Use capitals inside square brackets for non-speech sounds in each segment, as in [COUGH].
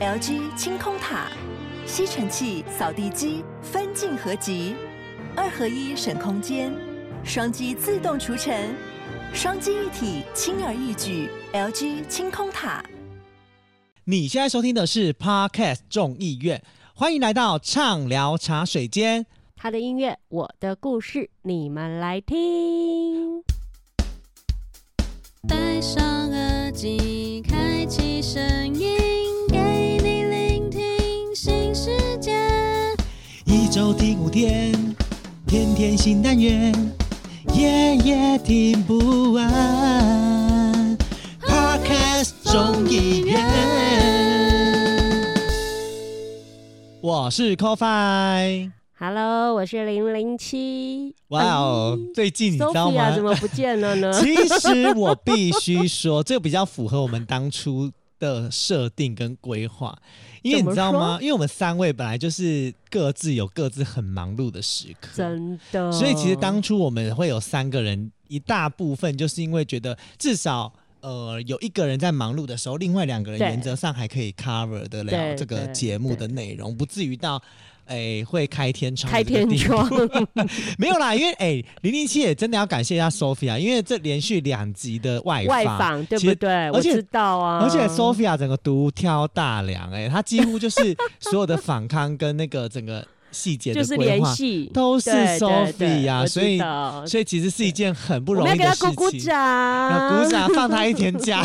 LG 清空塔，吸塵器、掃地機分鏡合集，二合一省空間，雙擊自動除塵，雙機一體輕而易舉。LG 清空塔。你現在收聽的是 Podcast 眾議院，歡迎來到唱聊茶水間。他的音樂，我的故事，你們來聽。戴上耳機，開啟聲音。收聽五天，天天新單元，夜夜聽不完。Podcast 眾議院，我是科菲。Hello，我是零零七。哇哦 Wow,， [MUSIC] 最近你知道嗎？Sophia 怎麼不見了呢？ [LAUGHS] 其實我必須說， [LAUGHS] 這比較符合我們當初。的設定跟規劃，因為你知道嗎？因為我們三位本來就是各自有各自很忙碌的時刻，真的。所以其實當初我們會有三個人，一大部分就是因為覺得，至少呃有一個人在忙碌的時候，另外兩個人原則上還可以 cover 得了這個節目的內容，不至於到。哎、欸，會開天窗地？開天窗 [LAUGHS] 沒有啦，因為哎，零零七也真的要感謝一下 Sophia，因為這連續兩集的外外訪，對不對？實我知道啊。而且，且 Sophia 整個獨挑大梁、欸，哎，他幾乎就是所有的訪綱跟那個整個細節的對話 [LAUGHS] 都是 Sophia，所以所以，所以其實是一件很不容易的事情。要給他鼓鼓掌，鼓掌放他一天假。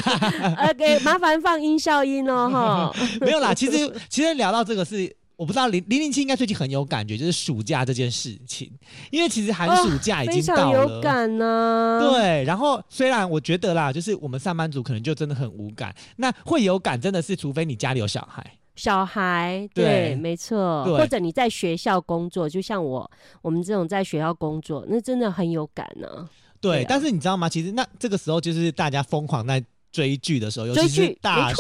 呃，給麻煩放音效音哦， [LAUGHS] 沒有啦，其實其實聊到這個是。我不知道零零七應該最近很有感覺，就是暑假這件事情，因為其實寒暑假已經到了。哦、非常有感呢、啊。對，然後雖然我覺得啦，就是我們上班族可能就真的很無感，那會有感真的是，除非你家裡有小孩。小孩。對，沒錯。對。或者你在學校工作，就像我我們這種在學校工作，那真的很有感呢、啊。對，對啊、但是你知道嗎？其實那這個時候就是大家瘋狂在追劇的時候，尤其是大學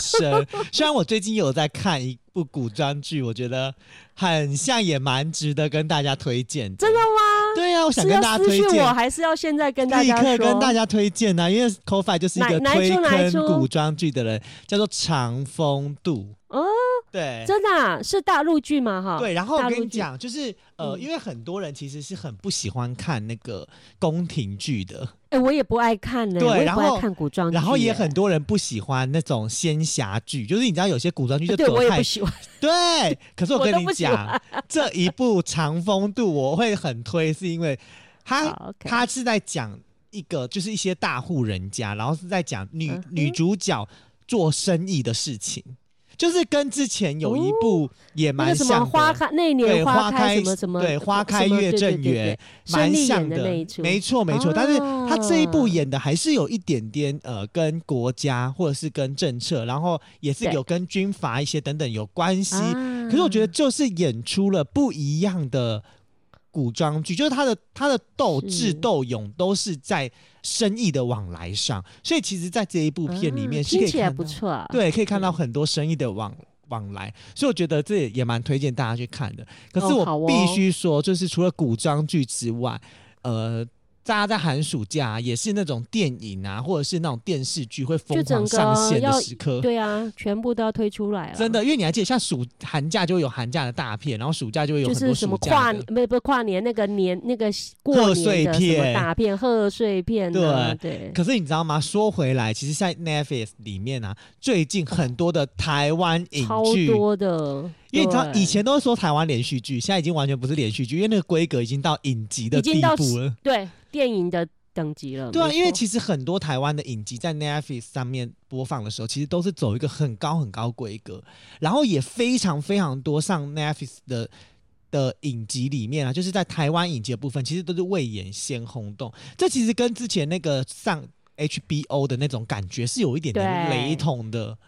生。 [LAUGHS] 雖然我最近有在看一。古裝劇我覺得很像，也蠻值得跟大家推薦。真的嗎？對啊，我想跟大家推薦。我還是要現在跟大家立刻跟大家推薦吶、啊，因為 Coffee 就是一個推坑古裝劇的人，叫做長風渡。哦，對，真的是大陸劇嗎？哈，對。然後我跟你講，就是呃，因為很多人其實是很不喜歡看那個宮廷劇的。哎，我也不愛看呢。對，然後看古裝劇，然後也很多人不喜歡那種仙俠劇，就是你知道有些古裝劇就走太。對，可是我跟你講，這一部長風度我會很推，是因為他他是在講一個就是一些大戶人家，然後是在講女女主角做生意的事情。就是跟之前有一部也蠻像的、哦那個花開，那年花開什麼什麼，對，對，花開月正圓，蠻像的，的沒錯沒錯。啊、但是他這一部演的還是有一點點呃，跟國家或者是跟政策，然後也是有跟軍閥一些等等有關係。對可是我覺得就是演出了不一樣的古裝劇，啊、就是他的他的鬥智鬥勇都是在。生意的往來上，所以其實，在這一部片裡面，是可以看到。啊啊、對，可以看到很多生意的往往來，所以我覺得這也也蠻推薦大家去看的。可是我必須說，就是除了古裝劇之外，哦哦、呃。大家在寒暑假、啊、也是那種電影啊，或者是那種電視劇會瘋狂上線的時刻，對啊，全部都要推出來了，真的，因為你還記得像暑寒假就會有寒假的大片，然後暑假就會有很多就什麼跨年，不不跨年那個年那個賀歲片大片，賀歲片，片對。對可是你知道嗎？說回來，其實在 Netflix 裡面啊，最近很多的台灣影劇、嗯、超多的。因為你知道，以前都是說台灣連續劇，現在已經完全不是連續劇，因為那個規格已經到影集的地步了，對電影的等級了。對啊，因為其實很多台灣的影集在 Netflix 上面播放的時候，其實都是走一個很高很高規格，然後也非常非常多上 Netflix 的的影集裡面啊，就是在台灣影集的部分，其實都是未演先轟動，這其實跟之前那個上 HBO 的那種感覺是有一點點雷同的。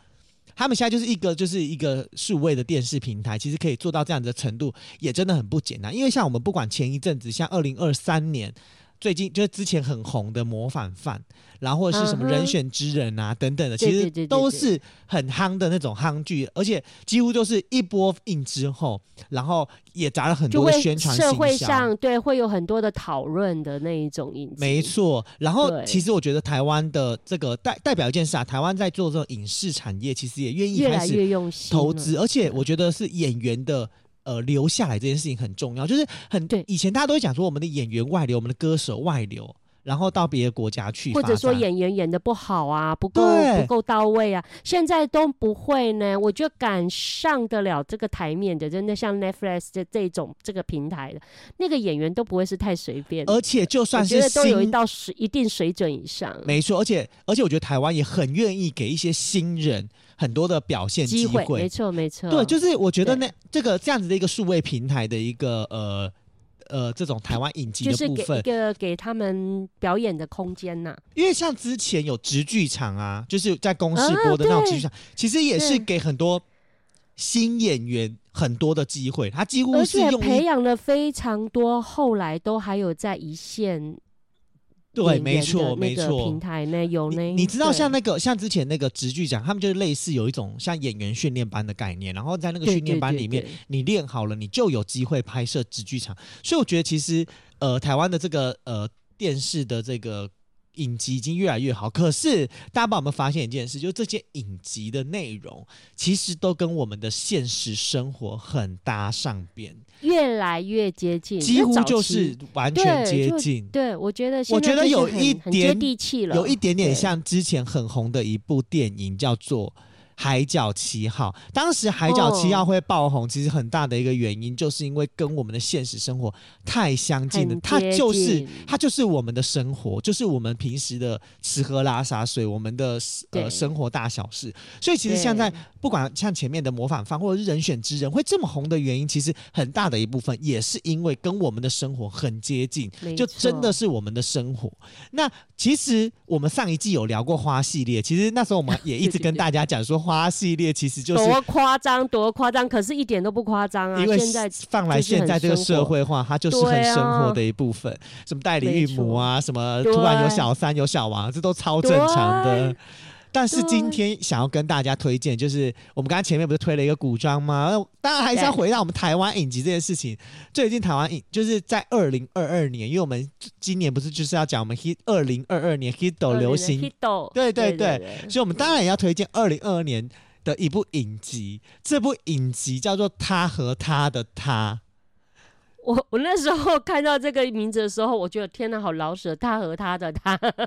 他們現在就是一個就是一個數位的電視平台，其實可以做到這樣子的程度，也真的很不簡單。因為像我們不管前一陣子，像二零二三年。最近就是之前很紅的《模仿犯》，然後或者是什麼《人選之人》啊，哼等等的，其實都是很夯的那種夯劇，而且幾乎都是一波映之後，然後也砸了很多的宣傳，會社會上對會有很多的討論的那一種影。沒錯，然後其實我覺得台灣的這個對代代表一件事啊，台灣在做這種影視產業，其實也願意開始投資，越來越用心，而且我覺得是演員的。呃，留下來這件事情很重要，就是很對，以前大家都會講說，我們的演員外流，我們的歌手外流，然後到別的國家去。或者說演員演得不好啊，不夠對不夠到位啊，現在都不會呢。我覺得敢上得了這個台面的，真的像 Netflix 的這種這個平台的，那個演員都不會是太隨便。而且就算是都有一道水，一定水準以上，沒錯。而且而且我覺得台灣也很願意給一些新人。很多的表現機會,會，沒錯沒錯，對，就是我覺得那對這個這樣子的一個數位平台的一個呃呃，這種台灣影集的部分是，一個給他們表演的空間吶、啊。因為像之前有植劇場啊，就是在公視播的那種植劇場，啊、其實也是給很多新演員很多的機會，他幾乎是培養了非常多，後來都還有在一線。對，沒錯，沒錯。平台有你知道像那個對像之前那個植劇場，他們就是類似有一種像演員訓練班的概念，然後在那個訓練班裡面，你練好了，你就有機會拍攝植劇場。所以我覺得其實呃，台灣的這個呃電視的這個影集已經越來越好，可是大家有沒有發現一件事，就是這些影集的內容其實都跟我們的現實生活很搭上邊。越來越接近，幾乎就是完全接近對。對，我覺得現在就是很,很接地氣了，有一點點像之前很紅的一部電影，叫做《海角七號》。對當時《海角七號》會爆紅，其實很大的一個原因、哦、就是因為跟我們的現實生活太相近了，近它就是它就是我們的生活，就是我們平時的吃喝拉撒睡，我們的呃對生活大小事。所以其實現在。不管像前面的模仿犯，或者是人選之人，會這麼紅的原因，其實很大的一部分也是因為跟我們的生活很接近，錯就真的是我們的生活。那其實我們上一季有聊過花系列，其實那時候我們也一直跟大家講說，花系列其實就是對對對多誇張多誇張，可是一點都不誇張啊。現在因為放來現在這個社會化，它就是很生活的一部分，啊、什麼代理孕母啊，錯什麼突然有小三有小王，對這都超正常的。但是今天想要跟大家推薦，對就是我們剛剛前面不是推了一個古裝嗎？當然還是要回到我們台灣影集這件事情。對最近台灣影就是在二零二二年，因為我們今年不是就是要講我們二零二二年 Hito 流行，對對對，對對對，所以我們當然也要推薦二零二二年的一部影集。對對對，這部影集叫做《他和他的他》。我我那時候看到這個名字的時候，我覺得天吶，好老舍，《他和他的他。》 [LAUGHS]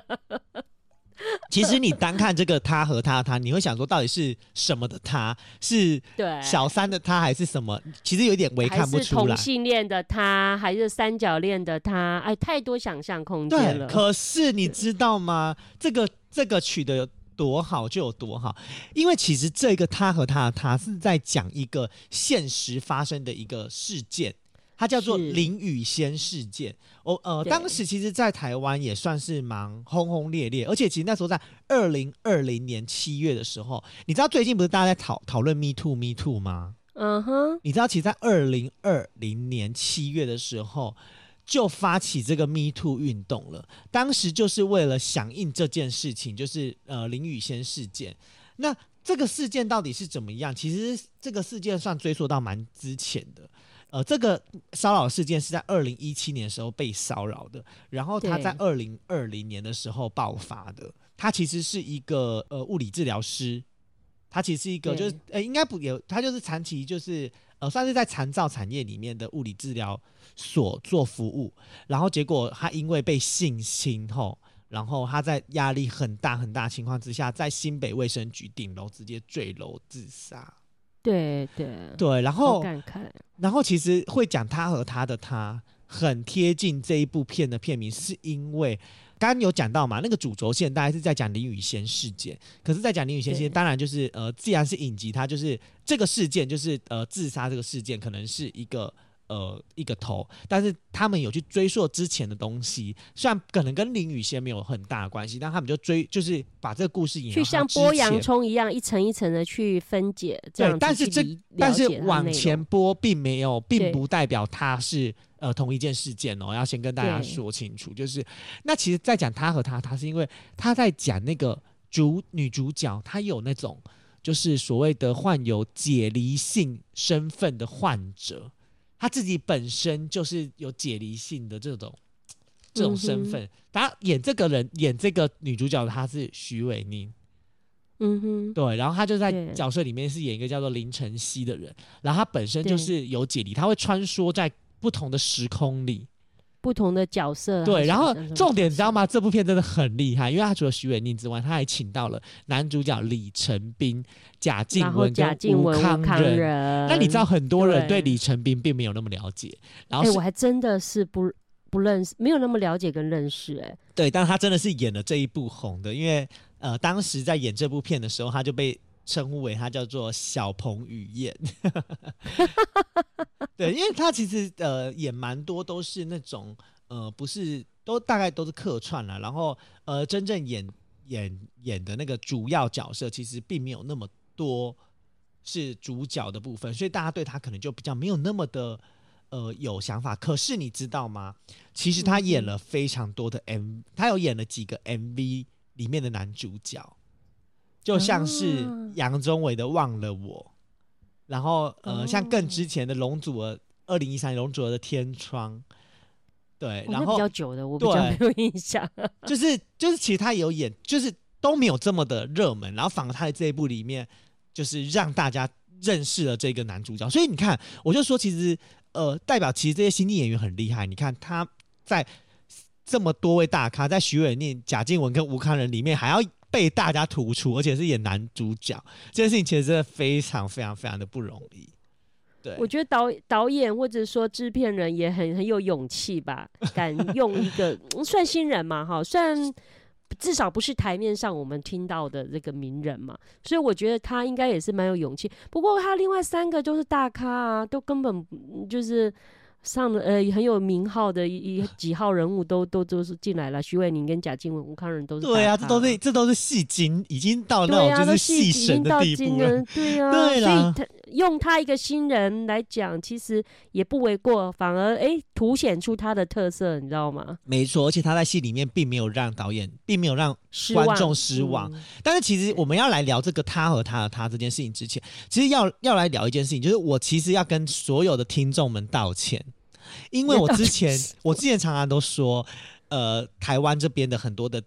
其實你單看這個“他”和“他的他”，你會想說到底是什麼的“他”，是小三的“他”還是什麼？其實有點微看不出來。是同性戀的“他”還是三角戀的“他”？哎，太多想象空間了對。可是你知道嗎？這個這個取得有多好就有多好，因為其實這個“他和他的他”是在講一個現實發生的一個事件，它叫做林雨仙事件。哦，呃，對當時其實，在台灣也算是蠻轟轟烈烈，而且其實那時候在二零二零年七月的時候，你知道最近不是大家在討討論 Me Too Me Too 嗎？嗯哼、uh-huh. 你知道其實，在二零二零年七月的時候，就發起這個 Me Too 運動了。當時就是為了響應這件事情，就是呃林於仙事件。那這個事件到底是怎麼樣？其實這個事件算追溯到蠻之前的。呃，這個騷擾事件是在二零一七年的時候被騷擾的，然後他在二零二零年的時候爆發的。他對其實是一個呃物理治療師，他其實是一個就是對呃應該不有他就是長期就是呃算是在殘障產業裡面的物理治療所做服務，然後結果他因為被性侵後，然後他在壓力很大很大情況之下，在新北衛生局頂樓直接墜樓自殺。對對對，然後然後其實會講他和他的他，很貼近這一部片的片名，是因為剛剛有講到嘛，那個主軸線大概是在講林雨賢事件，可是，在講林雨賢事件，對當然就是呃，既然是影集他，他就是這個事件，就是呃，自殺這個事件，可能是一個。呃，一個頭，但是他們有去追溯之前的東西，雖然可能跟林雨先沒有很大的關係，但他們就追，就是把這個故事引來像去像剝洋蔥一樣一層一層的去分解。對這樣，但是這但是往前剝，並沒有並不代表他是對呃同一件事件哦。要先跟大家說清楚，對就是那其實在講他和他，他是因為他在講那個主女主角，她有那種就是所謂的患有解離性身份的患者。她自己本身就是有解離性的這種這種身份，她、嗯、哼演這個人演這個女主角，她是許瑋甯，嗯哼，對，然後她就在角色裡面是演一個叫做林晨曦的人，對然後她本身就是有解離，她會穿梭在不同的時空裡。不同的角色對，然後重點你知道嗎？這部片真的很厲害，因為他除了許瑋甯之外，他還請到了男主角李成斌、賈靜雯、吳慷仁。那你知道很多人對李成斌並沒有那麼了解，對然後、欸、我還真的是不不認識，沒有那麼了解跟認識、欸。哎，對，但他真的是演了這一部紅的，因為呃，當時在演這部片的時候，他就被稱呼為他叫做小彭於晏。呵呵 [LAUGHS] 對，因為他其實呃演蠻多都是那種呃不是都大概都是客串了，然後呃真正演演演的那個主要角色其實並沒有那麼多是主角的部分，所以大家對他可能就比較沒有那麼的呃有想法。可是你知道嗎？其實他演了非常多的 MV，嗯，他有演了幾個 MV 裡面的男主角，就像是楊宗緯的《忘了我》。然後，呃，像更之前的《容祖兒》，二零一三《容祖兒的天窗，對，哦、然後、哦、比較久的，我比較沒有印象。就是就是，就是、其實他有演，就是都沒有這麼的熱門。然後反而他的這一部裡面，就是讓大家認識了這個男主角。所以你看，我就說，其實，呃，代表其實這些新晉演員很厲害。你看他在這麼多位大咖，在許瑋甯、賈靜雯跟吳慷仁裡面，還要，被大家突出，而且是演男主角這件事情，其實真的非常非常非常的不容易。對，我覺得導演導演或者說制片人也很很有勇氣吧，敢用一個、 [LAUGHS] 嗯、算新人嘛，哈，算至少不是台面上我們聽到的這個名人嘛，所以我覺得他應該也是蠻有勇氣。不過他另外三個就是大咖啊，都根本就是。上了呃，很有名號的一一幾號人物都都都是進來了。徐偉寧跟賈靜雯、吳慷仁都是對啊，這都是這都是戲精，已經到那種就是戲神的地步了，了對啊，對啊，所以他用他一個新人來講，其實也不為過，反而哎，凸顯出他的特色，你知道嗎？沒錯，而且他在戲裡面並沒有讓導演並沒有讓觀眾失望，失望嗯。但是其實我們要來聊這個他和他和他這件事情之前，其實要要來聊一件事情，就是我其實要跟所有的聽眾們道歉。因為我之前， [LAUGHS] 我之前常常都說，呃，台灣這邊的很多的，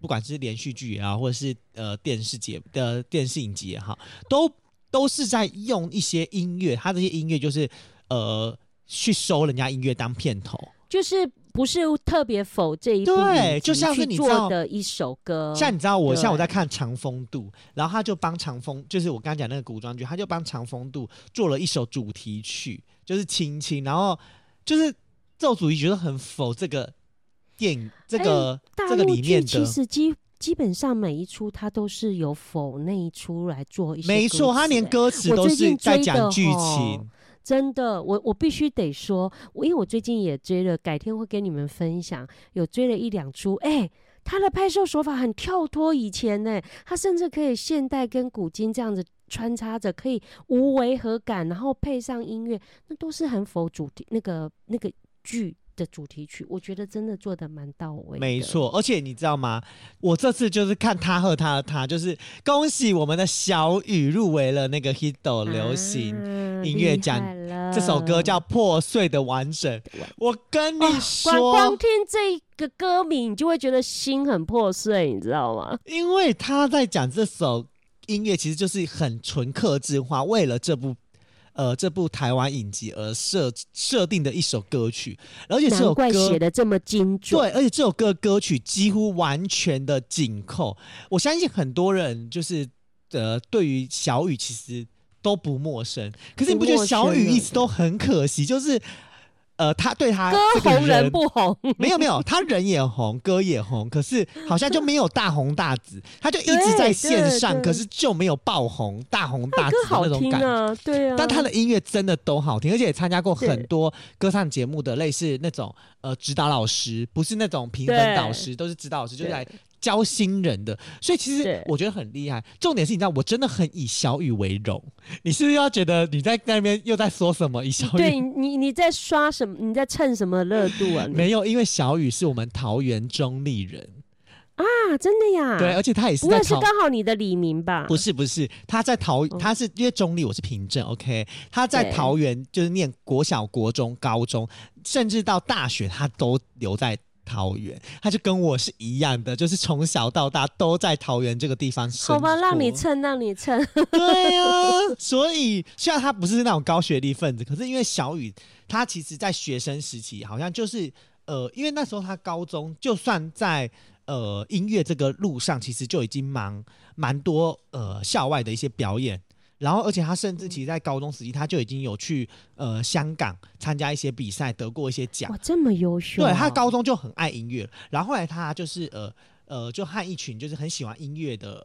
不管是連續劇也好，或者是呃電視節的電視影集也好，都都是在用一些音樂，他這些音樂就是呃去收人家音樂當片頭，就是不是特別否這一部一，對，就像是你做的一首歌，像你知道我，對像我在看《長風渡》，然後他就幫長風，就是我剛講那個古裝劇，他就幫《長風渡》做了一首主題曲，就是琴琴，親親然後。就是趙主怡覺得很否這個電影這個、欸、大這個裡面的，其實基基本上每一出他都是由否那一出來做一些、欸，沒錯，他連歌詞都是在講劇情。真的，我我必須得說，因為我最近也追了，改天會跟你們分享，有追了一兩出，哎、欸，他的拍攝手法很跳脫以前呢、欸，他甚至可以現代跟古今這樣子，穿插着可以無違和感，然後配上音樂，那都是很符合主題。那個那個劇的主題曲，我覺得真的做得蠻的蠻到位。沒錯，而且你知道嗎？我這次就是看他和他的他，就是恭喜我們的小雨入圍了那個 Hito 流行音樂獎，這首歌叫《破碎的完整》啊。我跟你說，哦、光聽這一個歌名你就會覺得心很破碎，你知道嗎？因為他在講這首。音樂其實就是很純客製化，為了這部呃這部台灣影集而設設定的一首歌曲，而且這首歌難怪寫的這麼精準，對，而且這首歌歌曲幾乎完全的緊扣。我相信很多人就是呃對於小雨其實都不陌生，可是你不覺得小雨一直都很可惜，就是。呃，他對他歌紅人不紅，沒有沒有，他人也紅，歌也紅，可是好像就沒有大紅大紫， [LAUGHS] 他就一直在線上，可是就沒有爆紅大紅大紫那種感覺，啊對啊。但他的音樂真的都好聽，而且也參加過很多歌唱節目的類似那種對呃指導老師，不是那種評分導師，對都是指導老師，對就在，教新人的，所以其實我覺得很厲害。對 重點是你知道，我真的很以小雨為榮。你是不是要覺得你在那邊又在說什麼？以小雨對你，你在刷什麼？你在蹭什麼熱度啊？沒有，因為小雨是我們桃園中壢人啊，真的呀。對，而且他也是，那是剛好你的裡名吧？不是,不是，不是，他在桃，他是因為中壢，我是平鎮。OK，他在桃園就是念國小、國中、高中，甚至到大學，他都留在。桃園，他就跟我是一樣的，就是從小到大都在桃園這個地方生活。好吧，讓你蹭，讓你蹭。 [LAUGHS] 對呀。所以雖然他不是那種高學歷分子，可是因為小雨他其實，在學生時期好像就是呃，因為那時候他高中就算在呃音樂這個路上，其實就已經蠻蠻多呃校外的一些表演。然後，而且他甚至其實在高中時期，他就已經有去呃香港參加一些比賽，得過一些獎。哇，這麼優秀哦！對，他高中就很愛音樂，然後，後來他就是呃呃，就和一群就是很喜歡音樂的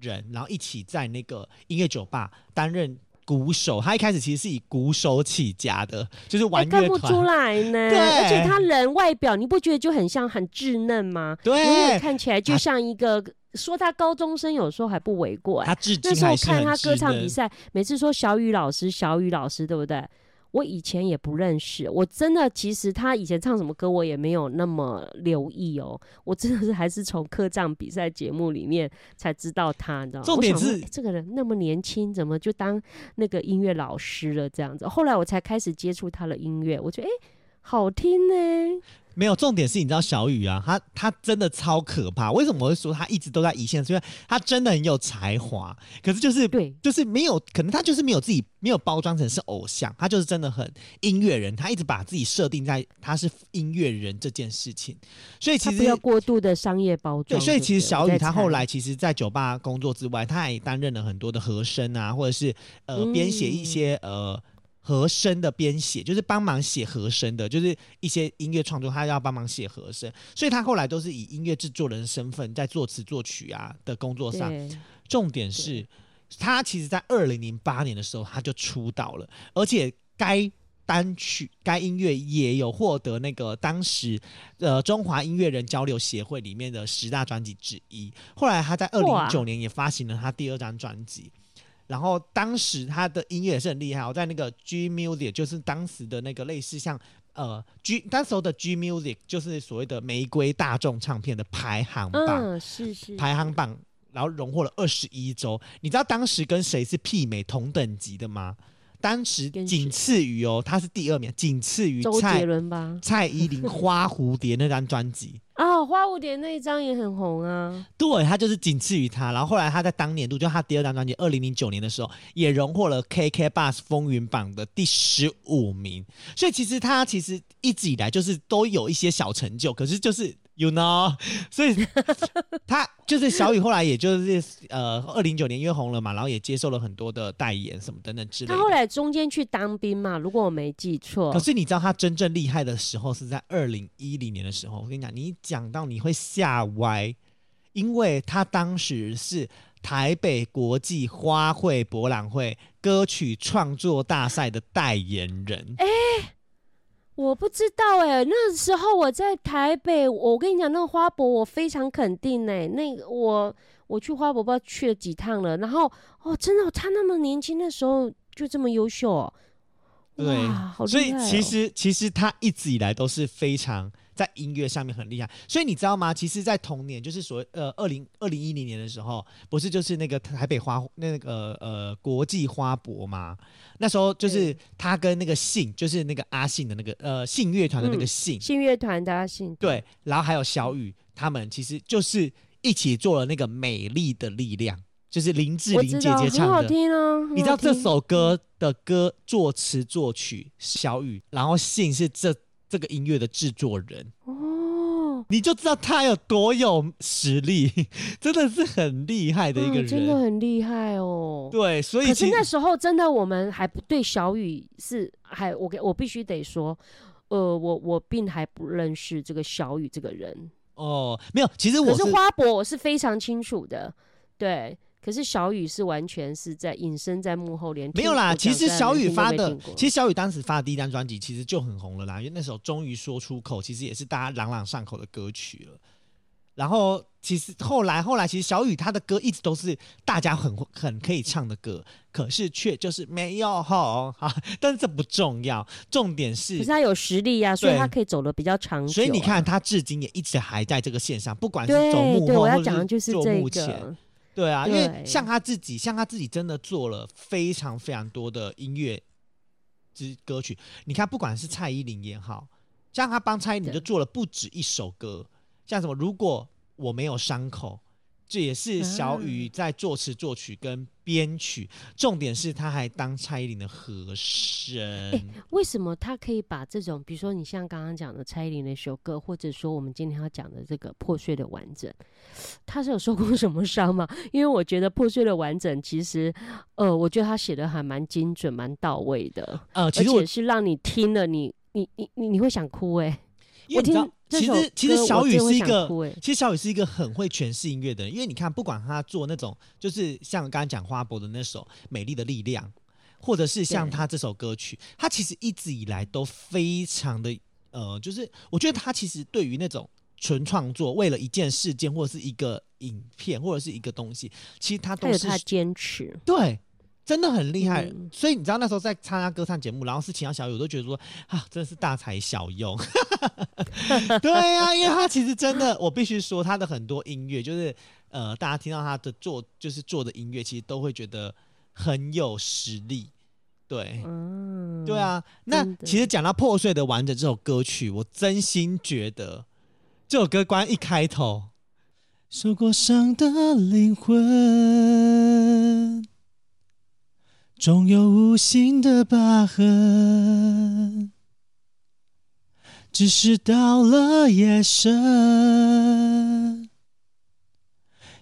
人，然後一起在那個音樂酒吧擔任鼓手。他一開始其實是以鼓手起家的，就是玩樂團，看不出來呢。對，而且他人外表你不覺得就很像很稚嫩嗎？對，因為看起來就像一個、啊。說他高中生，有時候還不為過，欸、他自己還是很積極的。那時候看他歌唱比賽，每次說小雨老師，小雨老師，對不對？我以前也不認識，我真的其實他以前唱什麼歌我也沒有那麼留意哦。我真的是還是從歌唱比賽節目裡面才知道他，你知道嗎？重點是我想問，欸、這個人那麼年輕，怎麼就當那個音樂老師了這樣子？後來我才開始接觸他的音樂，我覺得誒、欸，好聽呢，欸。沒有重點是，你知道小雨啊，他他真的超可怕。為什麼我會說他一直都在一線？是因為他真的很有才華，可是就是對，就是沒有可能，他就是沒有自己沒有包裝成是偶像，他就是真的很音樂人，他一直把自己設定在他是音樂人這件事情。所以其實不要過度的商業包裝。對，所以其實小雨他後來其實在酒吧工作之外，他還擔任了很多的和聲啊，或者是呃編寫一些呃。嗯和聲的編寫就是幫忙寫和聲的，就是一些音樂創作，他要幫忙寫和聲，所以他後來都是以音樂製作人的身份在作詞作曲啊的工作上。對重點是，對他其實在二零零八年的時候他就出道了，而且該單曲該音樂也有獲得那個當時呃中華音樂人交流協會裡面的十大專輯之一。後來他在二零零九年也發行了他第二張專輯。然後當時他的音樂也是很厲害，我在那個 G Music，就是當時的那個類似像呃 G，那時候的 G Music 就是所謂的玫瑰大眾唱片的排行榜，呃、是是排行榜，然後榮獲了二十一周。你知道當時跟誰是媲美同等級的嗎？當時僅次於哦，他是第二名，僅次於周杰倫吧？蔡依林花蝴蝶、 [LAUGHS] 哦《花蝴蝶》那張專輯啊，《花蝴蝶》那一張也很紅啊。對，他就是僅次於他。然後後來他在當年度，就他第二張專輯，二零零九年的時候，也榮獲了 KK Bus 風雲榜的第十五名。所以其實他其實一直以來就是都有一些小成就，可是就是。有呢，you know? 所以 [LAUGHS] 他就是小宇，後來也就是呃二零零九年因為紅了嘛，然後也接受了很多的代言什麼等等之類的。他後來中間去當兵嘛，如果我沒記錯。可是你知道他真正厲害的時候是在二零一零年的時候，我跟你講，你講到你會嚇歪，因為他當時是台北國際花卉博覽會歌曲創作大賽的代言人。欸我不知道哎、欸，那時候我在台北，我跟你講，那個花博我非常肯定哎、欸，那個我我去花博不知道去了幾趟了，然後哦，真的、哦，他那麼年輕的時候就這麼優秀、哦，對哇，好厲害、哦！所以其實其實他一直以來都是非常。在音樂上面很厲害，所以你知道嗎？其實，在同年，就是所謂呃，二零二零一零年的時候，不是就是那個台北花那個呃國際花博嗎？那時候就是他跟那個信，嗯、就是那個阿信的那個呃信樂團的那個信。嗯、信樂團的阿信。對，對，然後還有小雨他們，其實就是一起做了那個《美麗的力量》，就是林志玲姐姐唱的。我知道，很好聽哦、啊、好聽。你知道這首歌的歌作詞作曲小雨，然後信是這。這個音樂的制作人哦，你就知道他有多有實力，真的是很厲害的一個人，真的、嗯、這個、很厲害哦。對，所以可是那時候真的我們還不對小雨是還我給，我必須得說，呃，我我並還不認識這個小雨這個人哦，沒有，其實我是，是花博，我是非常清楚的，對。可是小雨是完全是在隱身在幕後，連沒有啦。其實小雨發的，其實小雨當時發的第一張專輯其實就很紅了啦。因為那時候《終於說出口》其實也是大家朗朗上口的歌曲了。然後其實後來後來，其實小雨他的歌一直都是大家很很可以唱的歌，嗯、可是卻就是沒有吼、啊。但是這不重要，重點是，可是他有實力呀、啊，所以他可以走的比較長久、啊。所以你看，他至今也一直還在這個線上，不管是走幕後講就對是做幕前。對啊，因為像他自己，對像他自己真的做了非常非常多的音樂之歌曲。你看，不管是蔡依林也好，像他幫蔡依林就做了不止一首歌，對像什麼“如果我沒有傷口”。這也是小雨在作詞、作曲跟編曲，啊、重點是他還當蔡依林的和聲、欸。為什麼他可以把這種，比如說你像剛剛講的蔡依林那首歌，或者說我們今天要講的這個破碎的完整，他是有受過什麼傷嗎？因為我覺得破碎的完整，其實呃，我覺得他寫的還蠻精準、蠻到位的。呃，其實而且是讓你聽了你，你你你你你會想哭哎、欸。因為你知道，其實其實小宇是一個，欸、其實小宇是一個很會詮釋音樂的人。因為你看，不管他做那種，就是像剛剛講花博的那首《美麗的力量》，或者是像他這首歌曲，他對其實一直以來都非常的呃，就是我覺得他其實對於那種純創作，為了一件事件或者是一個影片，或者是一個東西，其實他都是他堅持對。真的很厲害，嗯、所以你知道那時候在參加歌唱節目，然後是其他小友都覺得說啊，真的是大材小用。 [LAUGHS] 對呀、啊，因為他其實真的， [LAUGHS] 我必須說他的很多音樂就是呃，大家聽到他的做就是做的音樂，其實都會覺得很有實力。對，嗯，對啊。那的其實講到《破碎的完整》這首歌曲，我真心覺得這首歌剛一開頭，受過傷的靈魂。總有無形的疤痕，只是到了夜深，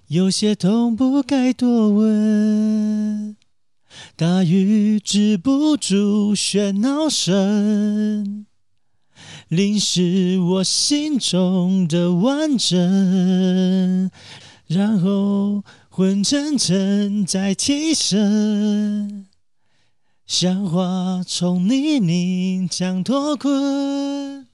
有些痛不該多問。大雨止不住喧鬧聲，淋濕我心中的完整，然後。昏沉沉，塵塵在起身，像花從泥濘中脫困。嗯、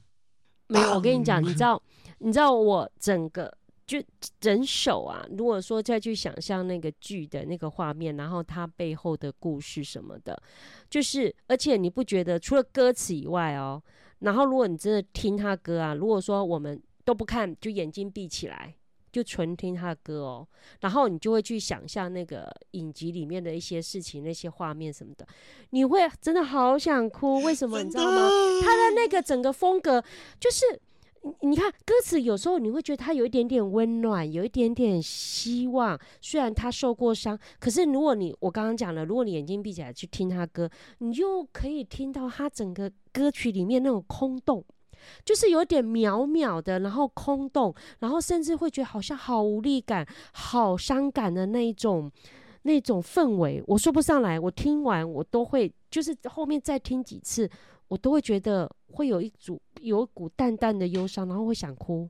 沒有，我跟你講，你知道，你知道我整個就整首啊。如果說再去想象那個劇的那個畫面，然後他背後的故事什麼的，就是，而且你不覺得，除了歌詞以外哦，然後如果你真的聽他歌啊，如果說我們都不看，就眼睛閉起來。就純聽他的歌哦，然後你就會去想象那個影集裡面的一些事情，那些畫面什麼的，你會真的好想哭。為什麼？你知道嗎？真的？他的那個整個風格，就是你看歌詞，有時候你會覺得他有一點點溫暖，有一點點希望。雖然他受過傷，可是如果你，我剛剛講了，如果你眼睛閉起來去聽他歌，你就可以聽到他整個歌曲裡面那種空洞，就是有點渺渺的，然後空洞，然後甚至會覺得好像好無力感、好傷感的那一種、那種氛圍。我說不上來，我聽完我都會，就是後面再聽幾次，我都會覺得會有一組、有一股淡淡的憂傷，然後會想哭。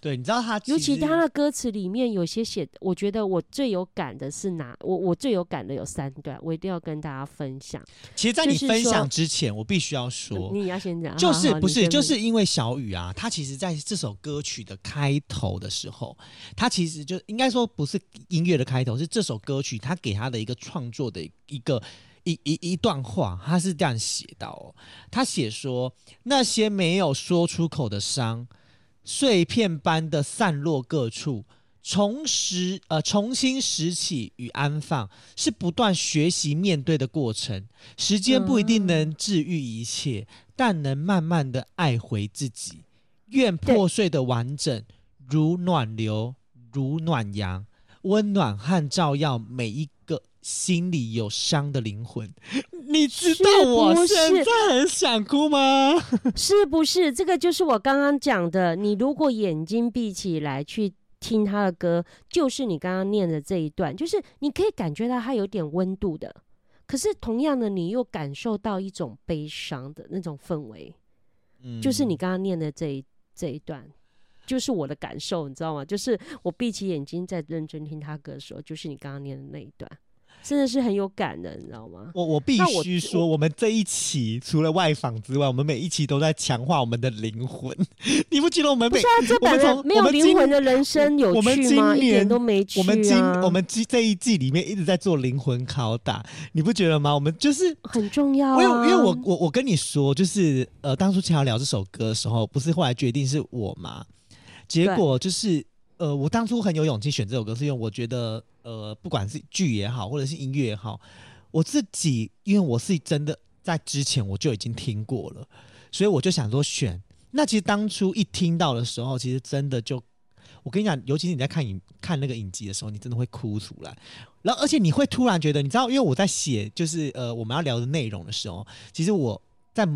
對，你知道他，尤其他的歌詞裡面有些寫，我覺得我最有感的是哪？我我最有感的有三段，我一定要跟大家分享。其實，在你分享之前，我必須要說，嗯，你要先講，就是，好好好，不是，你先，就是因為小宇啊，他其實在這首歌曲的開頭的時候，他其實就應該說不是音樂的開頭，是這首歌曲他給他的一個創作的一個一一一段話，他是這樣寫到哦，他寫說那些沒有說出口的傷。碎片般的散落各處，重拾，呃，重新拾起與安放，是不斷學習面對的過程。時間不一定能治癒一切，嗯、但能慢慢的愛回自己。願破碎的完整，對如暖流，如暖陽，溫暖和照耀每一個心裡有傷的靈魂，你知道我現在很想哭嗎？是不是？是不是？這個就是我剛剛講的。你如果眼睛閉起來去聽他的歌，就是你剛剛念的這一段，就是你可以感覺到他有點溫度的。可是同樣的，你又感受到一種悲傷的那種氛圍。嗯，就是你剛剛念的這一這一段，就是我的感受，你知道嗎？就是我閉起眼睛在認真聽他歌的時候，就是你剛剛念的那一段。真的是很有感的，你知道嗎？我我必須說，我，我們這一期我除了外訪之外，我們每一期都在強化我們的靈魂。 [LAUGHS] 你不覺得我們每不、啊、我們沒有靈魂的人生有趣嗎？一點都沒趣、啊。我們今我們今這一季裡面一直在做靈魂拷打，你不覺得嗎？我們就是很重要、啊。因為因為我我我跟你說，就是呃，當初想要聊這首歌的時候，不是後來決定是我嗎？結果就是。呃，我當初很有勇氣選這首歌，是因為我覺得，呃，不管是劇也好，或者是音樂也好，我自己，因為我是真的在之前我就已經聽過了，所以我就想說選。那其實當初一聽到的時候，其實真的就，我跟你講，尤其是你在看影看那個影集的時候，你真的會哭出來。然後，而且你會突然覺得，你知道，因為我在寫就是呃我們要聊的內容的時候，其實我。在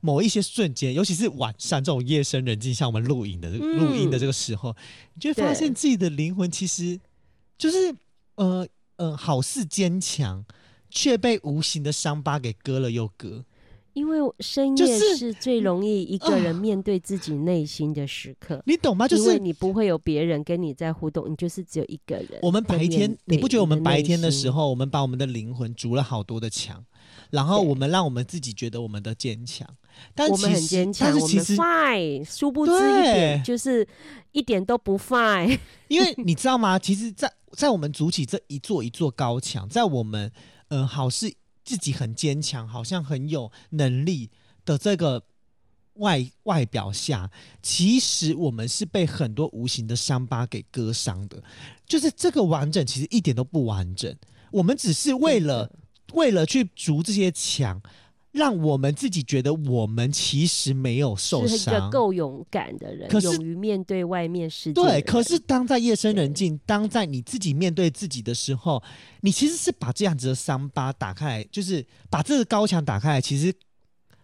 某一些瞬間，尤其是晚上這種夜深人靜，像我們錄影的錄音的這個時候，嗯、你就會發現自己的靈魂其實就是對呃呃，好似堅強，卻被無形的傷疤給割了又割。因為深夜，就是，是最容易一個人面對自己內心的時刻，呃，你懂嗎？就是因為你不會有別人跟你在互動，你就是只有一個人。我們白天，你不覺得我們白天的時候，我們把我們的靈魂築了好多的牆？然後我們讓我們自己覺得我們的堅強，對但其實我們很堅強，但是我們 fine，殊不知一點對就是一點都不 fine。因為你知道嗎？ [LAUGHS] 其實在，在在我們築起這一座一座高牆，在我們嗯、呃，好似自己很堅強，好像很有能力的這個外外表下，其實我們是被很多無形的傷疤給割傷的。就是這個完整，其實一點都不完整。我們只是為了。為了去築這些牆，讓我們自己覺得我們其實沒有受傷，是一個夠勇敢的人，可是勇於面對外面世界。對，可是當在夜深人靜，對當在你自己面對自己的時候，你其實是把這樣子的傷疤打開來，就是把這個高牆打開來，其實。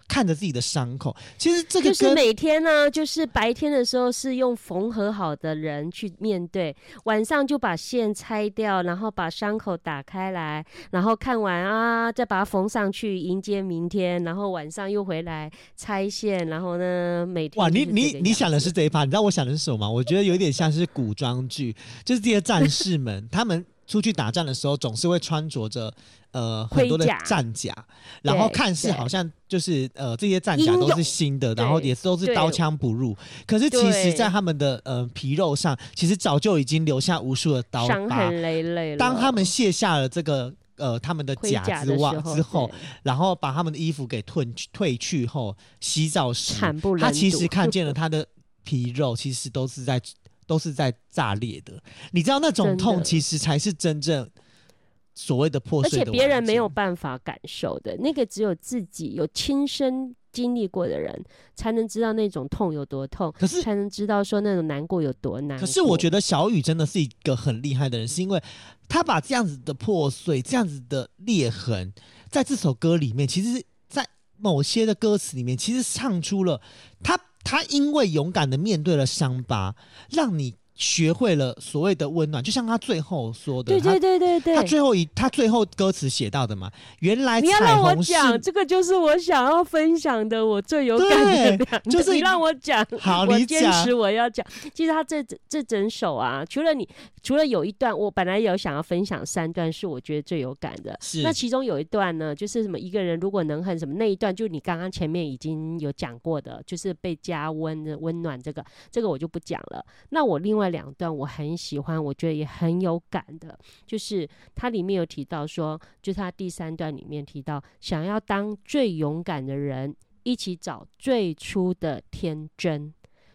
看着自己的傷口，其實這個就是每天呢，就是白天的時候是用縫合好的人去面對，晚上就把線拆掉，然後把傷口打開來，然後看完啊，再把它縫上去，迎接明天，然後晚上又回來拆線，然後呢，每天哇，你你你想的是這一趴，你知道我想的是什麼嗎？我覺得有點像是古裝劇， [LAUGHS] 就是這些戰士們他們。出去打仗的時候，總是會穿着着呃甲很多的戰甲，對然後看似好像就是對呃這些戰甲都是新的，用然後也是都是刀槍不入。對可是其實，在他們的呃皮肉上，其實早就已經留下無數的刀疤。傷痕累累，當他們卸下了這個呃他們的甲子之後，然後把他們的衣服給褪褪去後，洗澡時他其實看見了他的皮肉，呵呵其實都是在。都是在炸裂的，你知道那種痛，其實才是真正所謂的破碎的。而且別人沒有辦法感受的，那個只有自己有親身經歷過的人，才能知道那種痛有多痛，可是才能知道說那種難過有多難。可是我覺得小雨真的是一個很厲害的人，是因為他把這樣子的破碎、這樣子的裂痕，在這首歌裡面，其實在某些的歌詞裡面，其實唱出了他。他因為勇敢的面對了傷疤，讓你學會了所謂的溫暖，就像他最後說的，對對對對,對他最後以他最後歌詞寫到的嘛，原來你要讓我講這個就是我想要分享的我最有感的兩，就是你,你讓我講，好，你堅持我要講。你講。其實他這這整首啊，除了你除了有一段，我本來有想要分享三段是我覺得最有感的，是那其中有一段呢，就是什麼一個人如果能很什麼那一段，就你剛剛前面已經有講過的，就是被加溫的溫暖這個這個我就不講了。那我另外。兩段我很喜歡，我覺得也很有感的，就是它裡面有提到說，就它第三段裡面提到，想要當最勇敢的人，一起找最初的天真。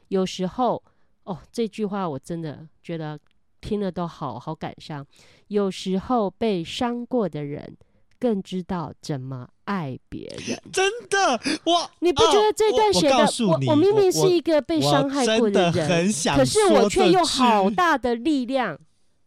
有時候，哦，這句話我真的覺得聽了都好好感傷。有時候被傷過的人。更知道怎麼愛別人，真的哇！我你不覺得這段寫的我我，我，我明明是一個被傷害過的人，的可是我卻用好大的力量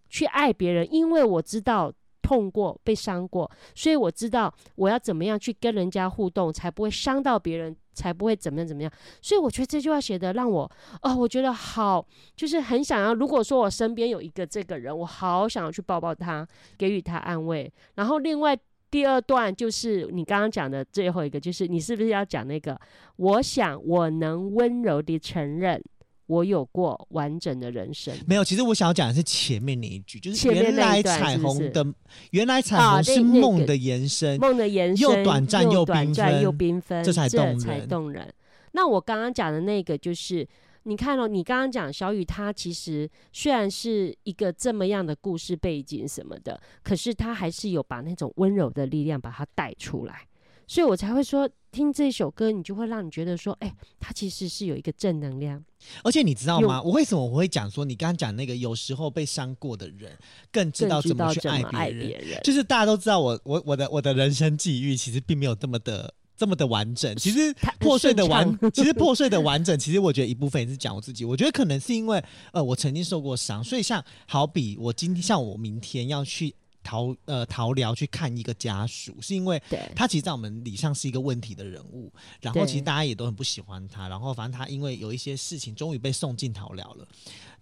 去愛別人，因為我知道痛過、被傷過，所以我知道我要怎麼樣去跟人家互動，才不會傷到別人，才不會怎麼樣怎麼樣。所以我覺得這句話寫的讓我啊、哦，我覺得好，就是很想要。如果說我身邊有一個這個人，我好想要去抱抱他，給予他安慰。然後另外。第二段就是你剛剛講的最後一個，就是你是不是要講那個？我想我能溫柔的承認，我有過完整的人生。沒有，其實我想要講的是前面那一句，就是原來彩虹的，是是原來彩虹是夢的延伸，夢、啊那個、的延伸又短暫又，又短暫又繽紛，這才，這才動人。那我剛剛講的那個就是。你看哦，你剛剛講小雨，他其實雖然是一個這麼樣的故事背景什麼的，可是他還是有把那種溫柔的力量把他帶出來，所以我才會說聽這首歌，你就會讓你覺得說，哎，他其實是有一個正能量。而且你知道嗎？因為我，我為什麼我會講說你剛剛講那個，有時候被傷過的人更知道怎麼去愛別人，別人就是大家都知道我，我我我的我的人生際遇其實並沒有這麼的。這麼的完整，其實破碎的完，其實破碎的完整，其實我覺得一部分也是講我自己，我覺得可能是因為，呃，我曾經受過傷，所以像，好比我今天，像我明天要去。桃，呃，桃療去看一個家屬，是因為他其實，在我們里上是一個問題的人物，對然後其實大家也都很不喜歡他，然後反正他因為有一些事情，終於被送進桃療了。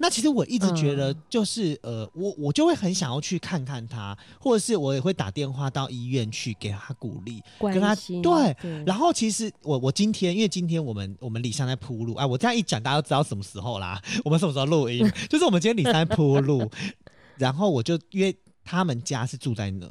那其實我一直覺得，就是、嗯、呃，我我就會很想要去看看他，或者是我也會打電話到醫院去給他鼓勵，跟他係對。對然後其實我我今天，因為今天我們我們里上在鋪路，哎、呃，我這樣一講，大家都知道什麼時候啦？我們什麼時候錄音？ [LAUGHS] 就是我們今天里上在鋪路， [LAUGHS] 然後我就約。他們家是住在哪？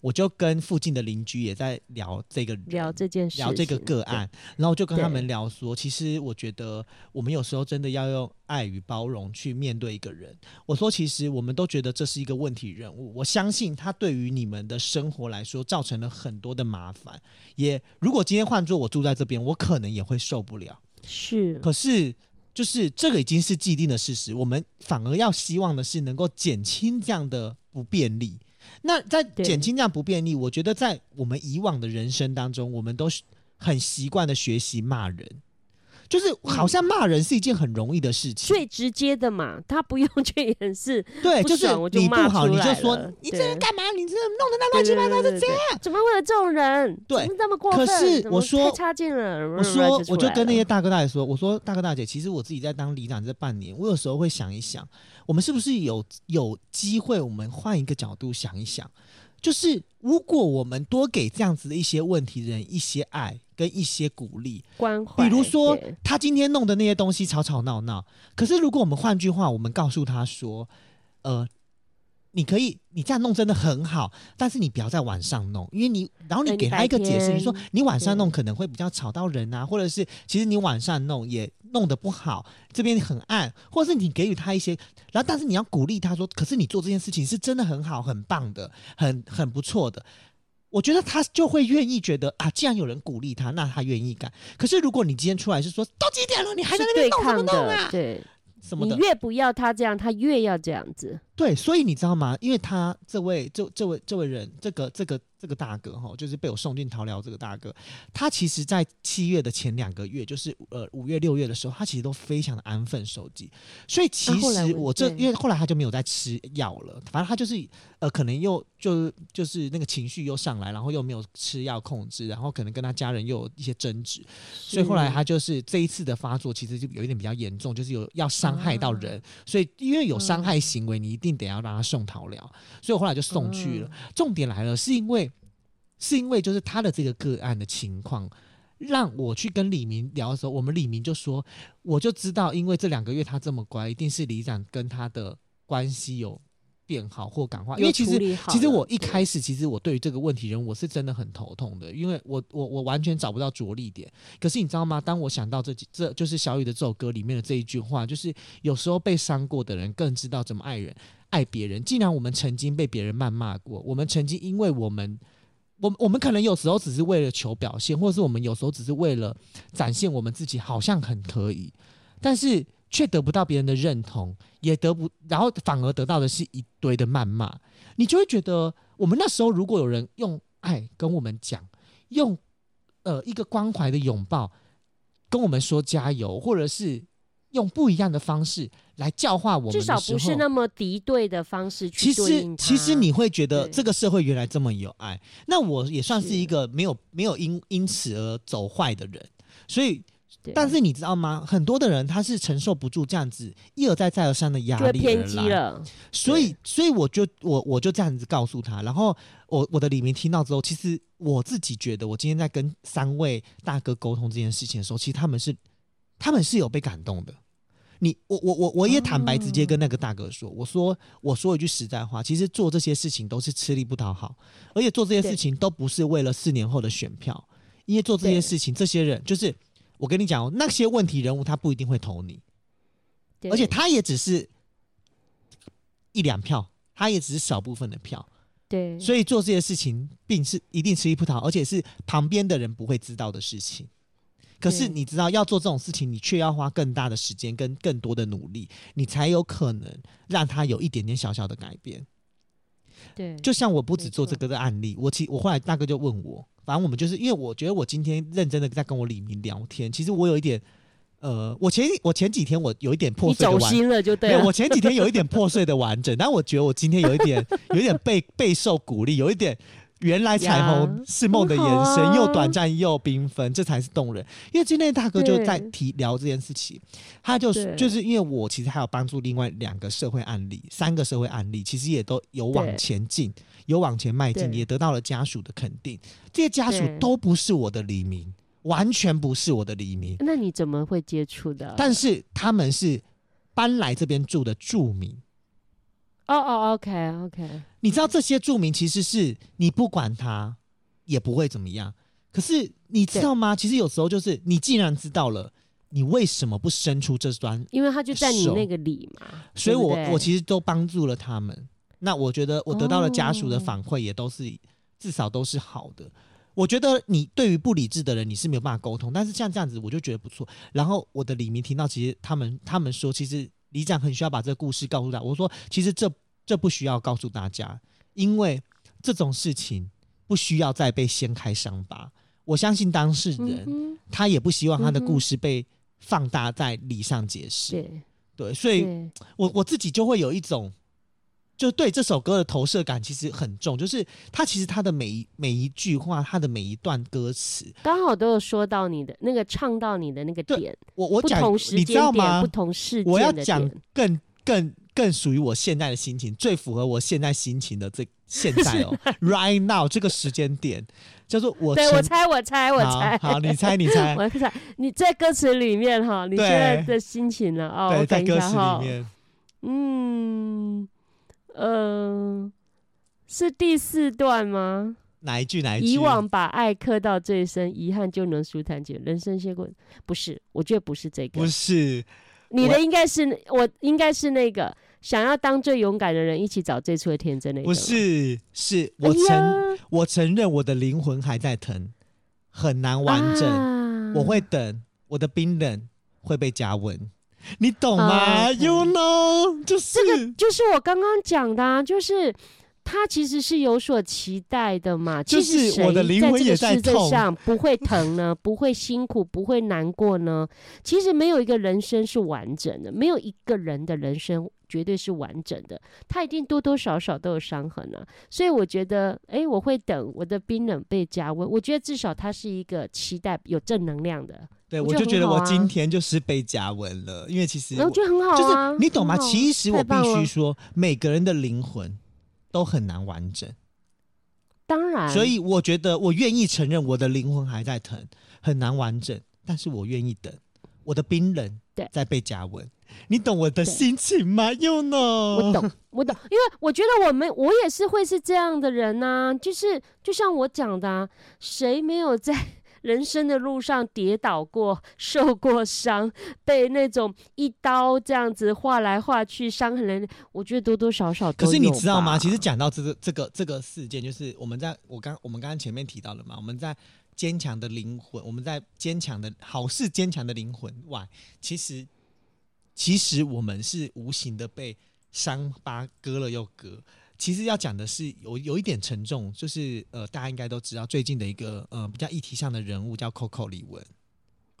我就跟附近的鄰居也在聊這個，聊這件事情，聊這個個案，對然後就跟他們聊說，對其實我覺得我們有時候真的要用愛與包容去面對一個人。我說，其實我們都覺得這是一個問題人物。我相信他對於你們的生活來說造成了很多的麻煩。也如果今天換作我住在這邊，我可能也會受不了。是，可是。就是這個已經是既定的事實，我們反而要希望的是能夠減輕這樣的不便利。那在減輕這樣不便利，對我覺得在我們以往的人生當中，我們都是很習慣的學習罵人。就是好像罵人是一件很容易的事情，嗯，最直接的嘛，他不用去掩飾。對，爽就是你不好，就罵你就說對你這人幹嘛？你這弄得那亂七八糟的。這樣？怎麼會有這種人？對，怎麼那麼過分，可是我說太差勁了。我說，我，說就我就跟那些大哥大姐說，我說大哥大姐，其實我自己在當里長這半年，我有時候會想一想，我們是不是有有機會，我們換一個角度想一想。就是如果我們多給這樣子的一些問題人一些愛跟一些鼓勵關懷懷，比如說耶他今天弄的那些東西吵吵鬧鬧，可是如果我們換句話，我們告訴他說，呃。你可以，你這樣弄真的很好，但是你不要在晚上弄，因為你，然後你給他一個解釋，欸、你就說你晚上弄可能會比較吵到人啊，對，或者是其實你晚上弄也弄得不好，這邊很暗，或者是你給予他一些，然後但是你要鼓勵他說，可是你做這件事情是真的很好，很棒的，很很不錯的，我覺得他就會願意覺得啊，既然有人鼓勵他，那他願意幹。可是如果你今天出來是說，都幾點了，你還在那邊弄什麼弄啊，對,對，什麼的？你越不要他這樣，他越要這樣子。對，所以你知道嗎？因為他這位就這，這位這位人，這個這個這個大哥哈，就是被我送進桃療這個大哥，他其實，在七月的前兩個月，就是呃五月六月的時候，他其實都非常的安分守己。所以其實我這、啊、因為後來他就沒有再吃藥了，反正他就是呃可能又就是就是那個情緒又上來，然後又沒有吃藥控制，然後可能跟他家人又有一些爭執，是所以後來他就是這一次的發作，其實就有一點比較嚴重，就是有要傷害到人。啊、所以因為有傷害行為，嗯、你。一定得要讓他送桃療，所以我後來就送去了。嗯、重點來了，是因為是因為就是他的這個個案的情況，讓我去跟李明聊的時候，我們李明就說，我就知道，因為這兩個月他這麼乖，一定是里長跟他的關係有。變好或感化，因為其實其實我一開始其實我對於這個問題人我是真的很頭痛的，因為我我我完全找不到着力點，可是你知道嗎？當我想到這幾這就是小雨的這首歌裡面的這一句話，就是有時候被傷過的人更知道怎麼愛人愛別人。既然我們曾經被別人謾罵過，我們曾經因為我們我們我們可能有時候只是為了求表現，或者是我們有時候只是為了展現我們自己好像很可以，但是。卻得不到別人的認同，也得不，然後反而得到的是一堆的謾罵。你就會覺得，我們那時候如果有人用愛跟我們講，用呃一個關懷的擁抱，跟我們說加油，或者是用不一樣的方式來教化我們，至少不是那麼敵對的方式去對。其實，其實你會覺得這個社會原來這麼有愛。對那我也算是一個沒有是沒有因因此而走壞的人，所以。對但是你知道嗎？很多的人他是承受不住這樣子一而再再而三的壓力，就偏激了。所以，對所以我就我我就這樣子告訴他。然後我我的里民聽到之後，其實我自己覺得，我今天在跟三位大哥溝通這件事情的時候，其實他們是他們是有被感動的。你我我我我也坦白直接跟那個大哥說，嗯、我說我說一句實在話，其實做這些事情都是吃力不討好，而且做這些事情都不是為了四年後的選票，對因為做這些事情，對這些人就是。我跟你講哦，那些問題人物他不一定會投你，對而且他也只是一兩票，他也只是少部分的票，對。所以做這些事情，並是一定吃力不討好，而且是旁邊的人不會知道的事情。可是你知道，對要做這種事情，你卻要花更大的時間跟更多的努力，你才有可能讓他有一點點小小的改變。對，就像我不止做這個的案例，錯我其我後來大哥就問我。反正我們就是因為我覺得我今天認真的在跟我李明聊天，其實我有一點，呃，我前我前幾天我有一點破碎的完整，啊、沒有，我前幾天有一點破碎的完整， [LAUGHS] 但我覺得我今天有一點，有一點被備受鼓勵，有一點。原來彩虹是夢的延伸，又短暫又繽紛，這才是動人。因為今天大哥就在提聊這件事情，他就是就是因為我其實還有幫助另外兩個社會案例，三個社會案例其實也都有往前進，有往前邁進，也得到了家屬的肯定。這些家屬都不是我的里民，完全不是我的里民。那你怎麼會接觸的？但是他們是搬來這邊住的住民。哦哦、oh，OK OK，你知道這些著名其實是你不管他，也不會怎麼樣。可是你知道嗎？對其實有時候就是你既然知道了，你為什麼不伸出這端？因為他就在你那個里嘛。所以我對對，我其實都幫助了他們。那我覺得我得到了家屬的反饋，也都是、哦、至少都是好的。我覺得你對於不理智的人，你是沒有辦法溝通。但是像這樣子，我就覺得不錯。然後我的里民聽到，其實他們他們說，其實。李長很需要把這個故事告訴大家。我說，其實這這不需要告訴大家，因為這種事情不需要再被掀開傷疤。我相信當事人、嗯、哼他也不希望他的故事被放大在理上解釋。嗯、哼對，所以我，我我自己就會有一種。就對這首歌的投射感其實很重，就是他其實他的每一每一句話，他的每一段歌詞，剛好都有說到你的那個唱到你的那個點。我我講，你知道嗎？不同事件我要講更更更屬於我現在的心情，最符合我現在心情的這現在哦，right now 這個時間點叫做我。對，我猜，我猜，我猜。好，你猜，你猜，我猜。你在歌詞裡面哈，你現在的心情了啊？對，在歌詞裡面，嗯。呃，是第四段嗎？哪一句？哪一句？以往把愛刻到最深，遺憾就能舒坦解。人生些過，不是？我覺得不是這個。不是，你的應該是我，我應該是那個想要當最勇敢的人，一起找最初的天真那個。不是，是我承、哎、呀我承認我的靈魂還在疼，很難完整。啊、我會等，我的冰冷會被加溫。你懂嗎、uh, okay.？You know，就是這個就是我剛剛講的、啊，就是他其實是有所期待的嘛。就是我的靈魂也在這個世界上，不會疼呢， [LAUGHS] 不會辛苦，不會難過呢。其實沒有一個人生是完整的，沒有一個人的人生。絕對是完整的，他一定多多少少都有傷痕了，所以我覺得，哎、欸，我會等我的冰冷被加溫。我覺得至少他是一個期待有正能量的。對，我，啊、我就覺得我今天就是被加溫了，因為其實我覺得很好、啊，就是你懂嗎？好其實我必須說，每個人的靈魂都很難完整。當然，所以我覺得我願意承認我的靈魂還在疼，很難完整，但是我願意等我的冰冷對在被加溫。你懂我的心情嗎？又 n o 我懂，我懂，因為我覺得我們，我也是會是這樣的人吶、啊。就是就像我講的、啊，誰沒有在人生的路上跌倒過、受過傷、被那種一刀這樣子劃來劃去、傷痕？我覺得多多少少。可是你知道嗎？其實講到這個、這個、這個事件，就是我們在我剛我們剛剛前面提到了嘛，我們在堅強的靈魂，我們在堅強的好是堅強的靈魂外，其實。其實我們是無形的被傷疤割了又割。其實要講的是有有一點沉重，就是呃，大家應該都知道最近的一個呃比較議題上的人物叫 Coco 李玟。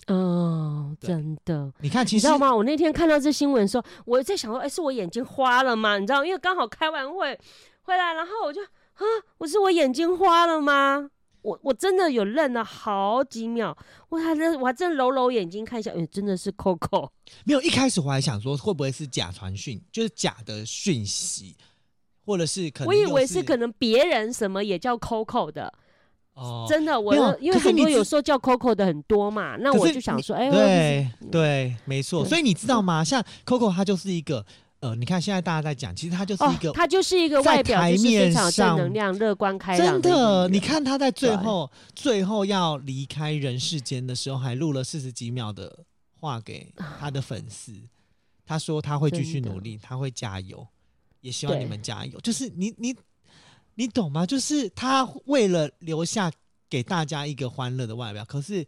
哦，對真的，你看其實，你知道嗎？我那天看到這新聞的時候，我在想說，哎，是我眼睛花了嗎？你知道，因為剛好開完會回來，然後我就啊，我是我眼睛花了嗎？我我真的有愣了好幾秒，我還真，我還真揉揉眼睛看一下，哎、欸，真的是 Coco。沒有一開始我還想說會不會是假傳訊，就是假的訊息，或者是可能是我以為是可能別人什麼也叫 Coco 的，哦，真的我有，因為很多有時候叫 Coco 的很多嘛，是那我就想說，哎你，欸、對對，沒錯。嗯、所以你知道嗎？像 Coco 他就是一個。呃，你看現在大家在講，其實他就是一個、哦，他就是一個外表就是非常正能量、樂觀開朗的。真的，你看他在最後對最後要離開人世間的時候，還錄了四十幾秒的話給他的粉絲，啊、他說他會繼續努力，的他會加油，也希望你們加油。對就是你你你懂嗎？就是他為了留下給大家一個歡樂的外表，可是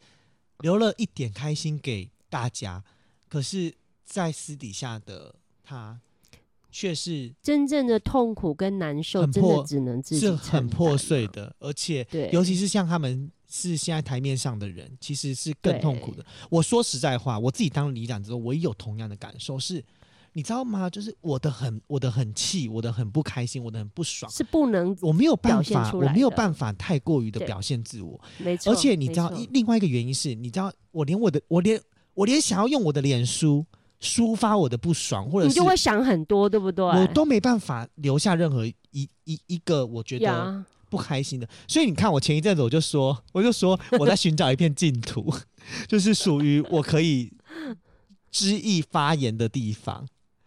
留了一點開心給大家，可是在私底下的他。卻是真正的痛苦跟難受，真的只能自己是很破碎的，而且尤其是像他們是現在檯面上的人，其實是更痛苦的。我說實在話，我自己當理事長之後，我也有同樣的感受是，是你知道嗎？就是我的很，我的很氣，我的很不開心，我的很不爽，是不能，我沒有辦法，我沒有辦法太過於的表現自我，沒錯。而且你知道，沒錯，另外一個原因是，你知道，我連我的，我連我連想要用我的臉書。抒發我的不爽，或者你就會想很多，對不對？我都沒辦法留下任何一一一個我覺得不開心的。呀所以你看，我前一陣子我就說，我就說我在尋找一片淨土， [LAUGHS] 就是屬於我可以恣意發言的地方。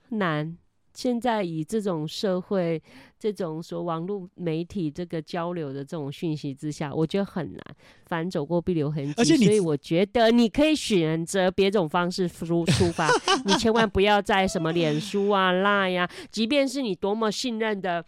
難。現在以這種社會、這種說網絡媒體這個交流的這種訊息之下，我覺得很難，凡走過必留痕跡，所以我覺得你可以選擇別種方式出出發，你千萬不要在什麼臉書啊、Line 呀、啊，即便是你多麼信任的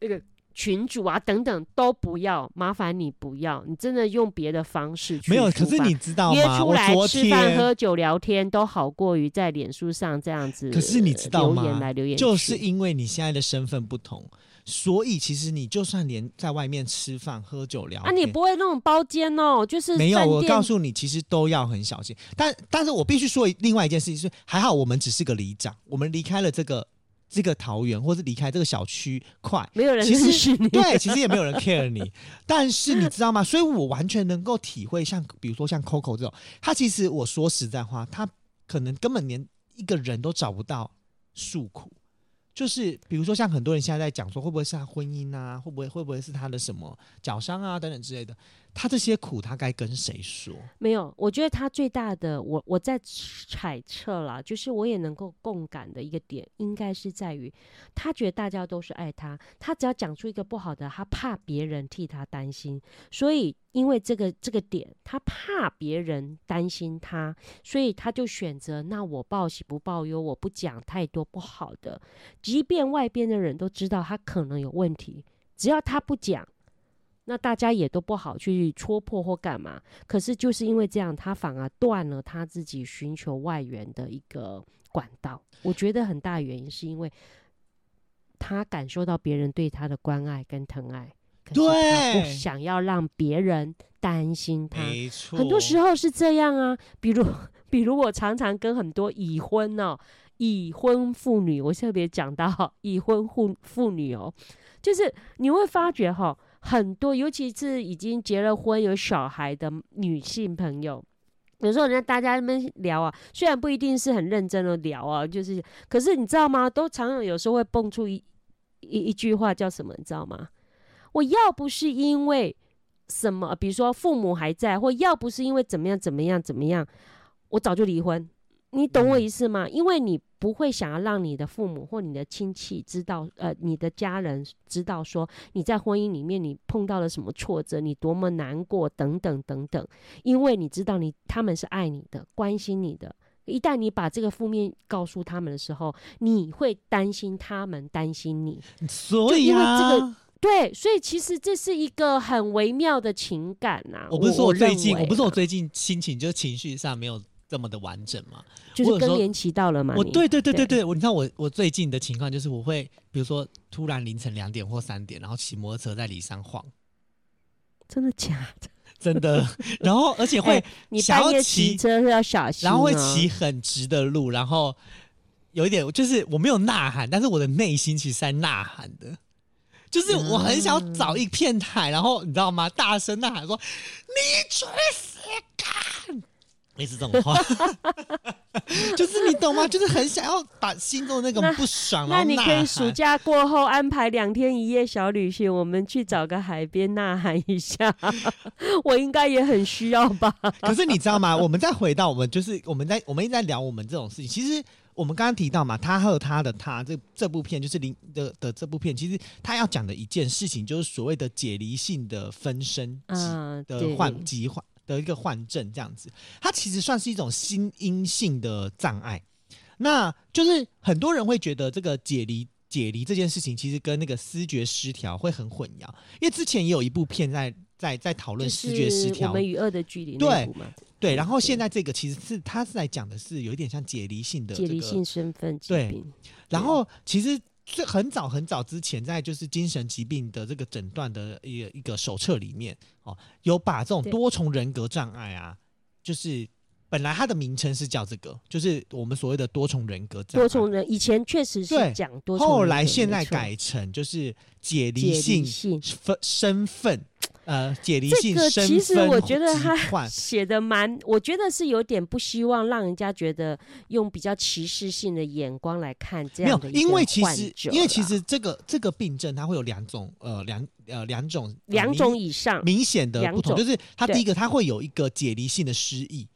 那個。群主啊，等等都不要，麻煩你不要，你真的用別的方式去。沒有，可是你知道嗎？約出來吃飯、喝酒、聊天都好過於在臉書上這樣子。可是你知道嗎？呃、留言來留言，就是因為你現在的身份不同，所以其實你就算連在外面吃飯、喝酒、聊天，那、啊、你不會那種包間哦、喔？就是沒有，我告訴你，其實都要很小心。但但是我必須說一，另外一件事情是，還好我們只是個里長，我們離開了這個。這個桃園，或是離開這個小區塊，沒有人。其實是對，其實也沒有人 care 你。 [LAUGHS] 但是你知道嗎？所以我完全能夠體會像，像比如說像 Coco 這種，他其實我說實在話，他可能根本連一個人都找不到訴苦。就是比如說像很多人現在在講說，會不會是他婚姻啊？會不會會不會是他的什麼腳傷啊？等等之類的。他這些苦，他該跟誰說？沒有，我覺得他最大的，我我在揣測啦，就是我也能夠共感的一個點，應該是在於他覺得大家都是愛他，他只要講出一個不好的，他怕別人替他擔心，所以因為這個這個點，他怕別人擔心他，所以他就選擇那我報喜不報憂，我不講太多不好的，即便外邊的人都知道他可能有問題，只要他不講。那大家也都不好去戳破或幹嘛，可是就是因為這樣，他反而斷了他自己尋求外援的一個管道。我覺得很大原因是因為他感受到別人對他的關愛跟疼愛，對，可是他不想要讓別人擔心他。對很多時候是這樣啊。比如，比如我常常跟很多已婚哦、喔，已婚婦女，我特別講到、喔、已婚婦婦女哦、喔，就是你會發覺哈、喔。很多，尤其是已經結了婚有小孩的女性朋友，有時候人家大家們聊啊，雖然不一定是很認真的聊啊，就是，可是你知道嗎？都常常有，有時候會蹦出一一一句話叫什麼？你知道嗎？我要不是因為什麼，比如說父母還在，或要不是因為怎麼樣怎麼樣怎麼樣，我早就離婚。你懂我意思嗎？嗯、因為你不會想要讓你的父母或你的親戚知道，呃，你的家人知道說你在婚姻裡面你碰到了什麼挫折，你多麼難過等等等等。因為你知道你他們是愛你的、關心你的。一旦你把這個負面告訴他們的時候，你會擔心他們，擔心你。所以啊因為、這個，對，所以其實這是一個很微妙的情感吶、啊。我不是說我最近，我認為啊、我不是說我最近心情就情緒上沒有。這麼的完整嗎？就是更年期到了嘛。我，我對對對對對，對你知道我你看我我最近的情況就是，我會比如說突然凌晨兩點或三點，然後騎摩托車在里山晃。真的假的？真的。然後而且會、 [LAUGHS] 欸、你半夜騎車是要小心，喔。然後會騎很直的路，然後有一點就是我沒有吶喊，但是我的內心其實是在吶喊的，就是我很想找一片海，然後你知道嗎？大聲吶喊說：“你去死！”是這種話， [LAUGHS] [LAUGHS] 就是你懂嗎？就是很想要把心中那種不爽，那，那你可以暑假過後安排兩天一夜小旅行， [LAUGHS] 我們去找個海邊吶喊一下， [LAUGHS] 我應該也很需要吧。 [LAUGHS] 可是你知道嗎？我們再回到我們，就是我們在我們一直在聊我們這種事情。其實我們剛剛提到嘛，他和他的他這這部片，就是林的的這部片，其實他要講的一件事情，就是所謂的解離性的分身，嗯、啊，的換疾患。有一個患症，這樣子，它其實算是一種心因性的障礙，那就是很多人會覺得這個解離解離這件事情，其實跟那個思覺失調會很混淆，因為之前也有一部片在在在討論思覺失調，我們與惡的距離。對對，然後現在這個其實是他是在講的是有一點像解離性的、這個，解離性身份疾病。對，然後其實。嗯這很早很早之前，在就是精神疾病的這個診斷的一個一個手冊裡面，哦，有把這種多重人格障礙啊，對就是本來它的名稱是叫這個，就是我們所謂的多重人格障礙。多重人以前確實是講多重人格障礙，後來現在改成就是解離性，解離性身分身份。呃，解離性身份其實我覺得他寫的蠻，我覺得是有點不希望讓人家覺得用比較歧視性的眼光來看這樣的，沒有，因為其實，因為其實這個這個病症它會有兩種，呃，兩呃兩種，呃、兩種以上明顯的不同。種就是它第一個，它會有一個解離性的失憶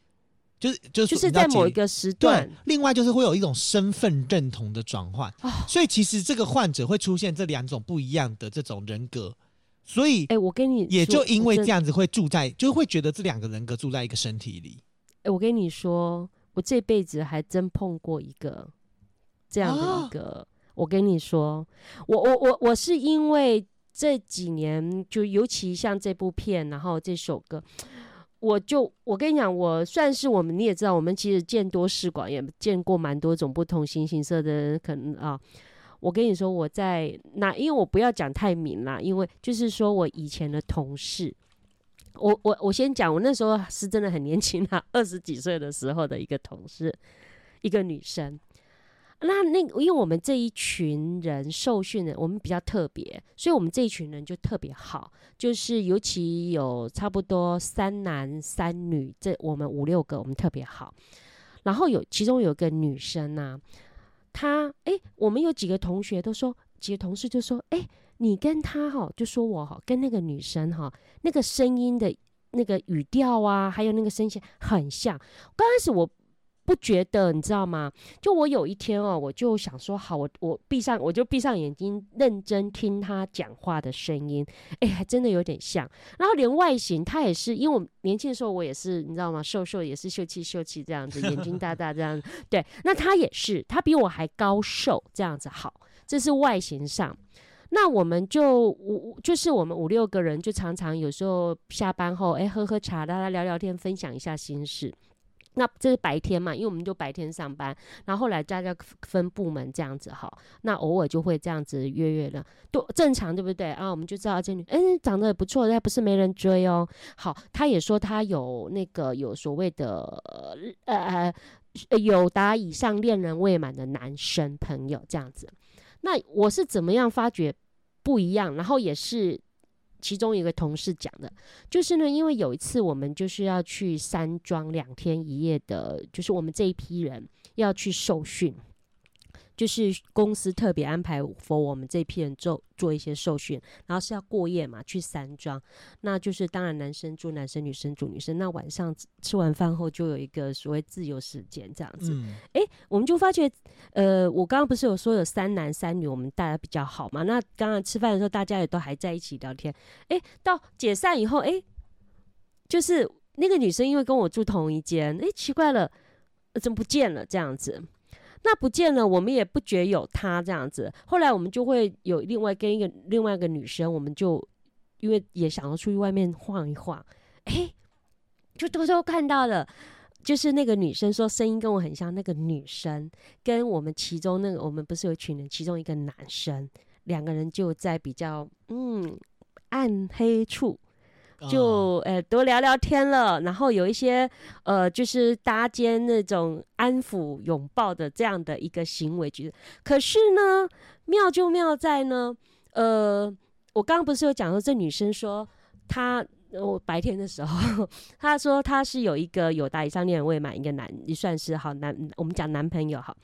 對、就是就是就是就是在某一個時段，對，另外就是會有一種身份認同的轉換，哦，所以其實這個患者會出現這兩種不一樣的這種人格。所以，哎，我跟你也就因為這樣子會住在，就會覺得這兩個人格住在一個身體裡。哎、欸，我跟你說，我這、欸、我跟你說，我這輩子還真碰過一個這樣的一個。哦、我跟你說，我我我我是因為這幾年，就尤其像這部片，然後這首歌，我就我跟你講，我算是我們你也知道，我們其實見多識廣，也見過蠻多種不同形形色色的人可能啊。我跟你說，我在那，因為我不要講太明了，因為就是說我以前的同事，我我我先講，我那時候是真的很年輕啊，二十幾歲的時候的一個同事，一個女生。那那，因為我們這一群人受訓的，我們比較特別，所以我們這一群人就特別好，就是尤其有差不多三男三女，這我們五六個，我們特別好。然後有其中有一個女生呢、啊。他誒，我們有幾個同學都說，幾個同事就說，誒，你跟他哈，就說我哈，跟那個女生哈，那個聲音的那個語調啊，還有那個聲線很像。剛開始我不覺得，你知道嗎？就我有一天哦，我就想說，好，我我閉上，我就閉上眼睛，認真聽他講話的聲音，哎、欸，還真的有點像。然後連外形，他也是，因為我年輕的時候，我也是，你知道嗎？瘦瘦也是秀氣秀氣這樣子，眼睛大大這樣子。 [LAUGHS] 對，那他也是，他比我還高瘦這樣子。好，這是外形上。那我們就五，就是我們五六個人，就常常有時候下班後，哎、欸，喝喝茶，大家聊聊天，分享一下心事。那這是白天嘛，因為我們就白天上班，然後來大家分部門這樣子哈。那偶爾就會這樣子約約的，都正常對不對啊？我們就知道這女，誒、欸、長得也不錯，但不是沒人追哦。好，他也說他有那個有所謂的呃呃呃友達以上戀人未滿的男生朋友這樣子。那我是怎麼樣發覺不一樣？然後也是。其中一個同事講的，就是呢，因為有一次我們就是要去山莊兩天一夜的，就是我們這一批人要去受訓。就是公司特別安排，for 我們這批人做做一些受訓，然後是要過夜嘛，去山莊。那就是當然男生住男生，女生住女生。那晚上吃完飯後就有一個所謂自由時間這樣子。哎、嗯，欸，我們就發覺，呃，我剛剛不是有說有三男三女，我們大家比較好嘛。那剛剛吃飯的時候，大家也都還在一起聊天。哎、欸，到解散以後，哎、欸，就是那個女生因為跟我住同一間，哎、欸，奇怪了，怎麼不見了這樣子？那不見了，我們也不覺得有他這樣子。後來我們就會有另外跟一個另外一個女生，我們就因為也想要出去外面晃一晃，哎，就偷偷看到了，就是那個女生說聲音跟我很像，那個女生跟我們其中那個我們不是有群人，其中一個男生，兩個人就在比較嗯暗黑處。就誒、欸，多聊聊天了，然後有一些呃，就是搭肩那種安撫擁抱的這樣的一個行為，就是。可是呢，妙就妙在呢，呃，我剛剛不是有講說這女生說她，我、呃、白天的時候呵呵，她說她是有一個友達以上戀人未滿一個男也算是好男，我們講男朋友哈。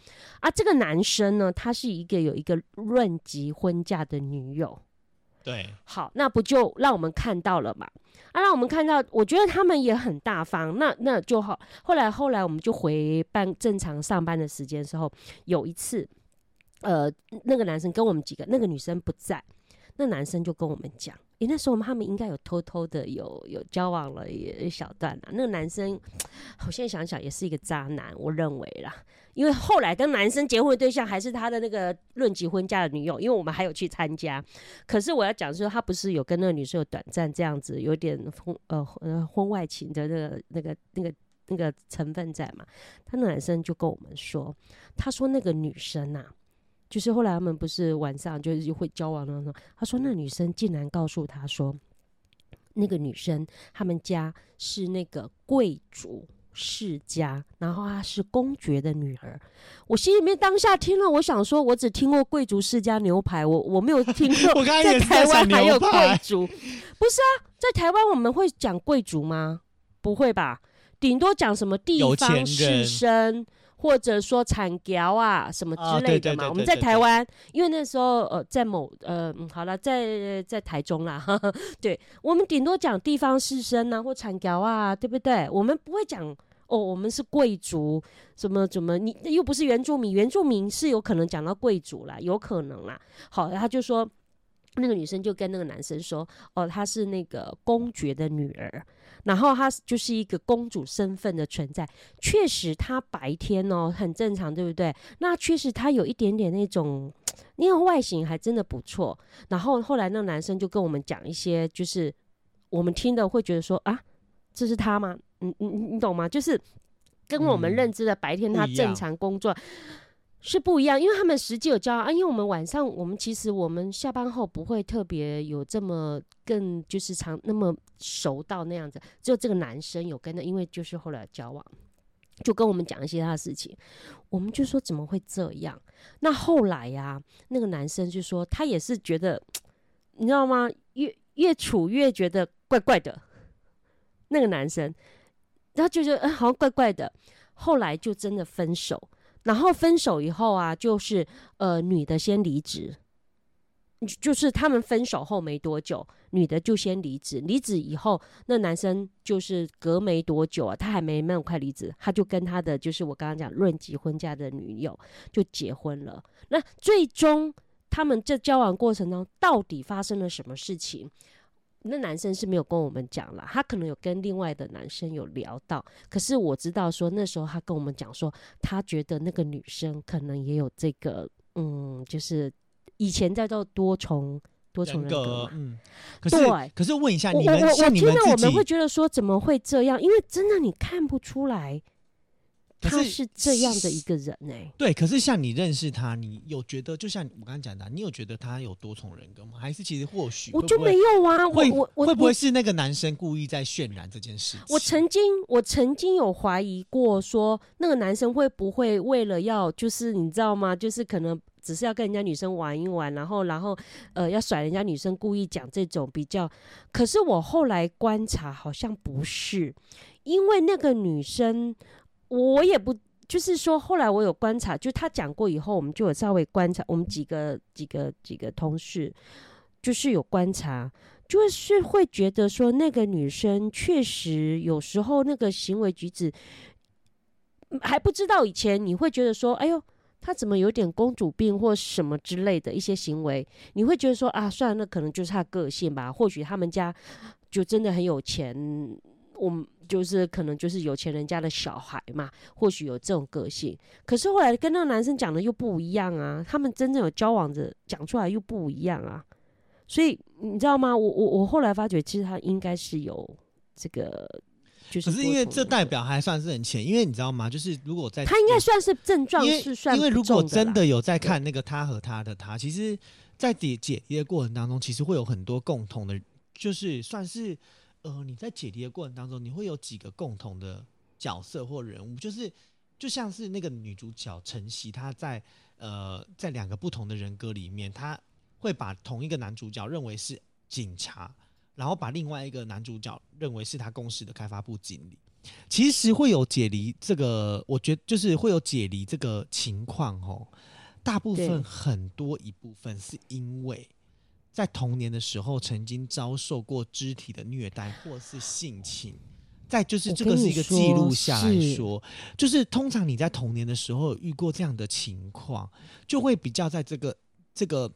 啊。這個男生呢，他是一個有一個論及婚嫁的女友。對，好，那不就讓我們看到了嘛？啊，讓我們看到，我覺得他們也很大方，那那就好。後來後來，我們就回辦正常上班的時間的時候，有一次，呃，那個男生跟我們幾個，那個女生不在，那男生就跟我們講，哎，那時候我們他們應該有偷偷的有有交往了一小段了。那個男生，我現在想想也是一個渣男，我認為啦。因為後來跟男生結婚的對象還是他的那個論及婚嫁的女友，因為我們還有去參加。可是我要講說，他不是有跟那個女生有短暫這樣子，有點婚呃婚外情的那個那個那個那個成分在嘛？他那男生就跟我們說，他說那個女生吶、啊，就是後來他們不是晚上就是會交往了嘛？他說那女生竟然告訴他說，那個女生他們家是那個貴族世家，然後她是公爵的女兒。我心裡面當下聽了，我想說，我只聽過貴族世家牛排，我我沒有聽過在台灣還有貴族。不是啊，在台灣我們會講貴族嗎？不會吧，頂多講什麼地方士紳。或者說產僚啊什麼之類的嘛，啊、對對對我們在台灣，對對對對因為那時候呃在某呃好啦，在在台中啦，呵呵對我們頂多講地方士紳吶、啊、或產僚啊，對不對？我們不會講哦，我們是貴族什麼怎麼，你又不是原住民，原住民是有可能講到貴族啦，有可能啦。好，他就說那個女生就跟那個男生說，哦，她是那個公爵的女兒。然後她就是一個公主身份的存在，確實她白天哦很正常，對不對？那確實她有一點點那種，因為外形還真的不錯。然後後來那個男生就跟我們講一些，就是我們聽的會覺得說啊，這是他嗎？嗯嗯你你懂嗎？就是跟我們認知的白天他正常工作。嗯是不一樣，因為他們實際有交往啊。因為我們晚上，我們其實我們下班後不會特別有這麼更就是常那麼熟到那樣子，只有這個男生有跟那，因為就是後來交往，就跟我們講一些他的事情，我們就說怎麼會這樣？那後來呀、啊，那個男生就說他也是覺得，你知道嗎？越越處越覺得怪怪的，那個男生，然後就覺得哎、嗯、好像怪怪的，後來就真的分手。然後分手以後啊，就是呃，女的先離職，就是他們分手後沒多久，女的就先離職。離職以後，那男生就是隔沒多久啊，他還沒那麼快離職，他就跟他的就是我剛剛講論及婚嫁的女友就結婚了。那最終他們這交往過程中到底發生了什麼事情？那男生是沒有跟我們講啦，他可能有跟另外的男生有聊到，可是我知道說那時候他跟我們講說，他覺得那個女生可能也有這個，嗯，就是以前在做多重多重人格嘛。格嗯，可是對可是問一下你們，你們我，我聽到我，我們會覺得說怎麼會這樣？因為真的你看不出來。是他是這樣的一個人呢？欸。對，可是像你認識他，你有覺得就像我剛剛講的，你有覺得他有多重人格嗎？還是其實或許我就沒有啊？會我我會不會是那個男生故意在渲染這件事情？我，我曾經我曾經有懷疑過說，說那個男生會不會為了要就是你知道嗎？就是可能只是要跟人家女生玩一玩，然後然後呃要甩人家女生，故意講這種比較。可是我後來觀察好像不是，因為那個女生。我也不，就是說，後來我有觀察，就他講過以後，我們就有稍微觀察，我們幾個幾個幾個同事，就是有觀察，就是會覺得說，那個女生確實有時候那個行為舉止，還不知道以前你會覺得說，哎呦，她怎麼有點公主病或什麼之類的一些行為，你會覺得說啊，算了，那可能就是她個性吧，或許他們家就真的很有錢。我們就是可能就是有錢人家的小孩嘛，或許有這種個性，可是後來跟那個男生講的又不一樣啊，他們真正有交往着講出來又不一樣啊，所以你知道嗎？我我我後來發覺，其實他應該是有這個，就是。可是因為這代表還算是很淺，因為你知道嗎？就是如果在他應該算是症狀，是算的，因為，因為如果真的有在看那個他和他的他，對其實，在解解約過程當中，其實會有很多共同的，就是算是。呃，你在解離的過程當中，你會有幾個共同的角色或人物，就是就像是那個女主角晨曦，她在呃，在兩個不同的人格裡面，她會把同一個男主角認為是警察，然後把另外一個男主角認為是她公司的開發部經理。其實會有解離這個，我覺得就是會有解離這個情況。吼，大部分很多一部分是因為。在童年的時候，曾經遭受過肢體的虐待或是性侵。在就是這個是一個記錄下來說，說是就是通常你在童年的時候遇過這樣的情況，就會比較在這個這個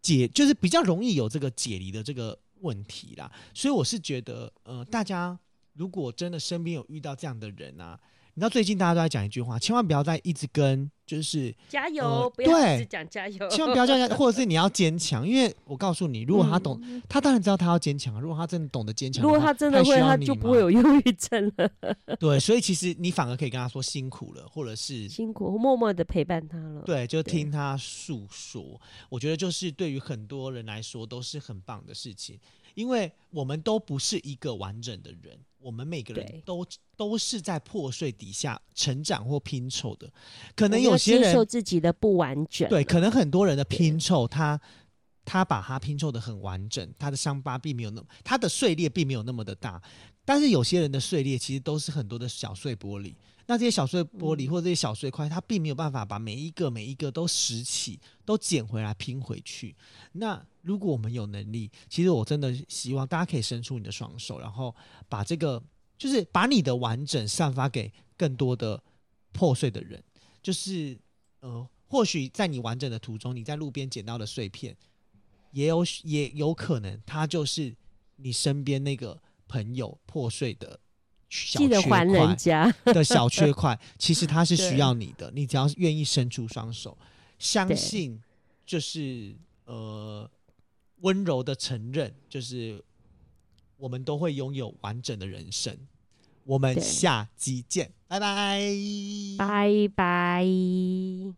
解，就是比較容易有這個解離的這個問題啦。所以我是覺得，呃，大家如果真的身邊有遇到這樣的人啊。你知道最近大家都在講一句話，千萬不要再一直跟就是加油，嗯、不要 對，只講加油，千萬不要這樣，或者是你要堅強， [LAUGHS] 因為我告訴你，如果他懂，嗯、他當然知道他要堅強。如果他真的懂得堅強，如果他真的會，他,他就不會有憂鬱症了。 [LAUGHS] 對，所以其實你反而可以跟他說辛苦了，或者是辛苦，默默的陪伴他了。對，就聽他訴說，對我覺得就是對於很多人來說都是很棒的事情。因為我們都不是一個完整的人，我們每個人都對都是在破碎底下成長或拼湊的，可能有些人接受自己的不完整，對，可能很多人的拼湊，對他他把他拼湊得很完整，他的傷疤並沒有那麼，他的碎裂並沒有那麼的大，但是有些人的碎裂其實都是很多的小碎玻璃。那這些小碎玻璃或者這些小碎塊，它並沒有辦法把每一個每一個都拾起、都撿回來拼回去。那如果我們有能力，其實我真的希望大家可以伸出你的雙手，然後把這個就是把你的完整散發給更多的破碎的人。就是呃，或許在你完整的途中，你在路邊撿到的碎片，也有也有可能它就是你身邊那個朋友破碎的。小缺小缺記得還人家的 [LAUGHS] 小缺塊，其實它是需要你的， [LAUGHS] 對 你只要願意伸出雙手，相信就是對 呃溫柔的承認，就是我們都會擁有完整的人生。我們下集見，對 拜拜，拜拜。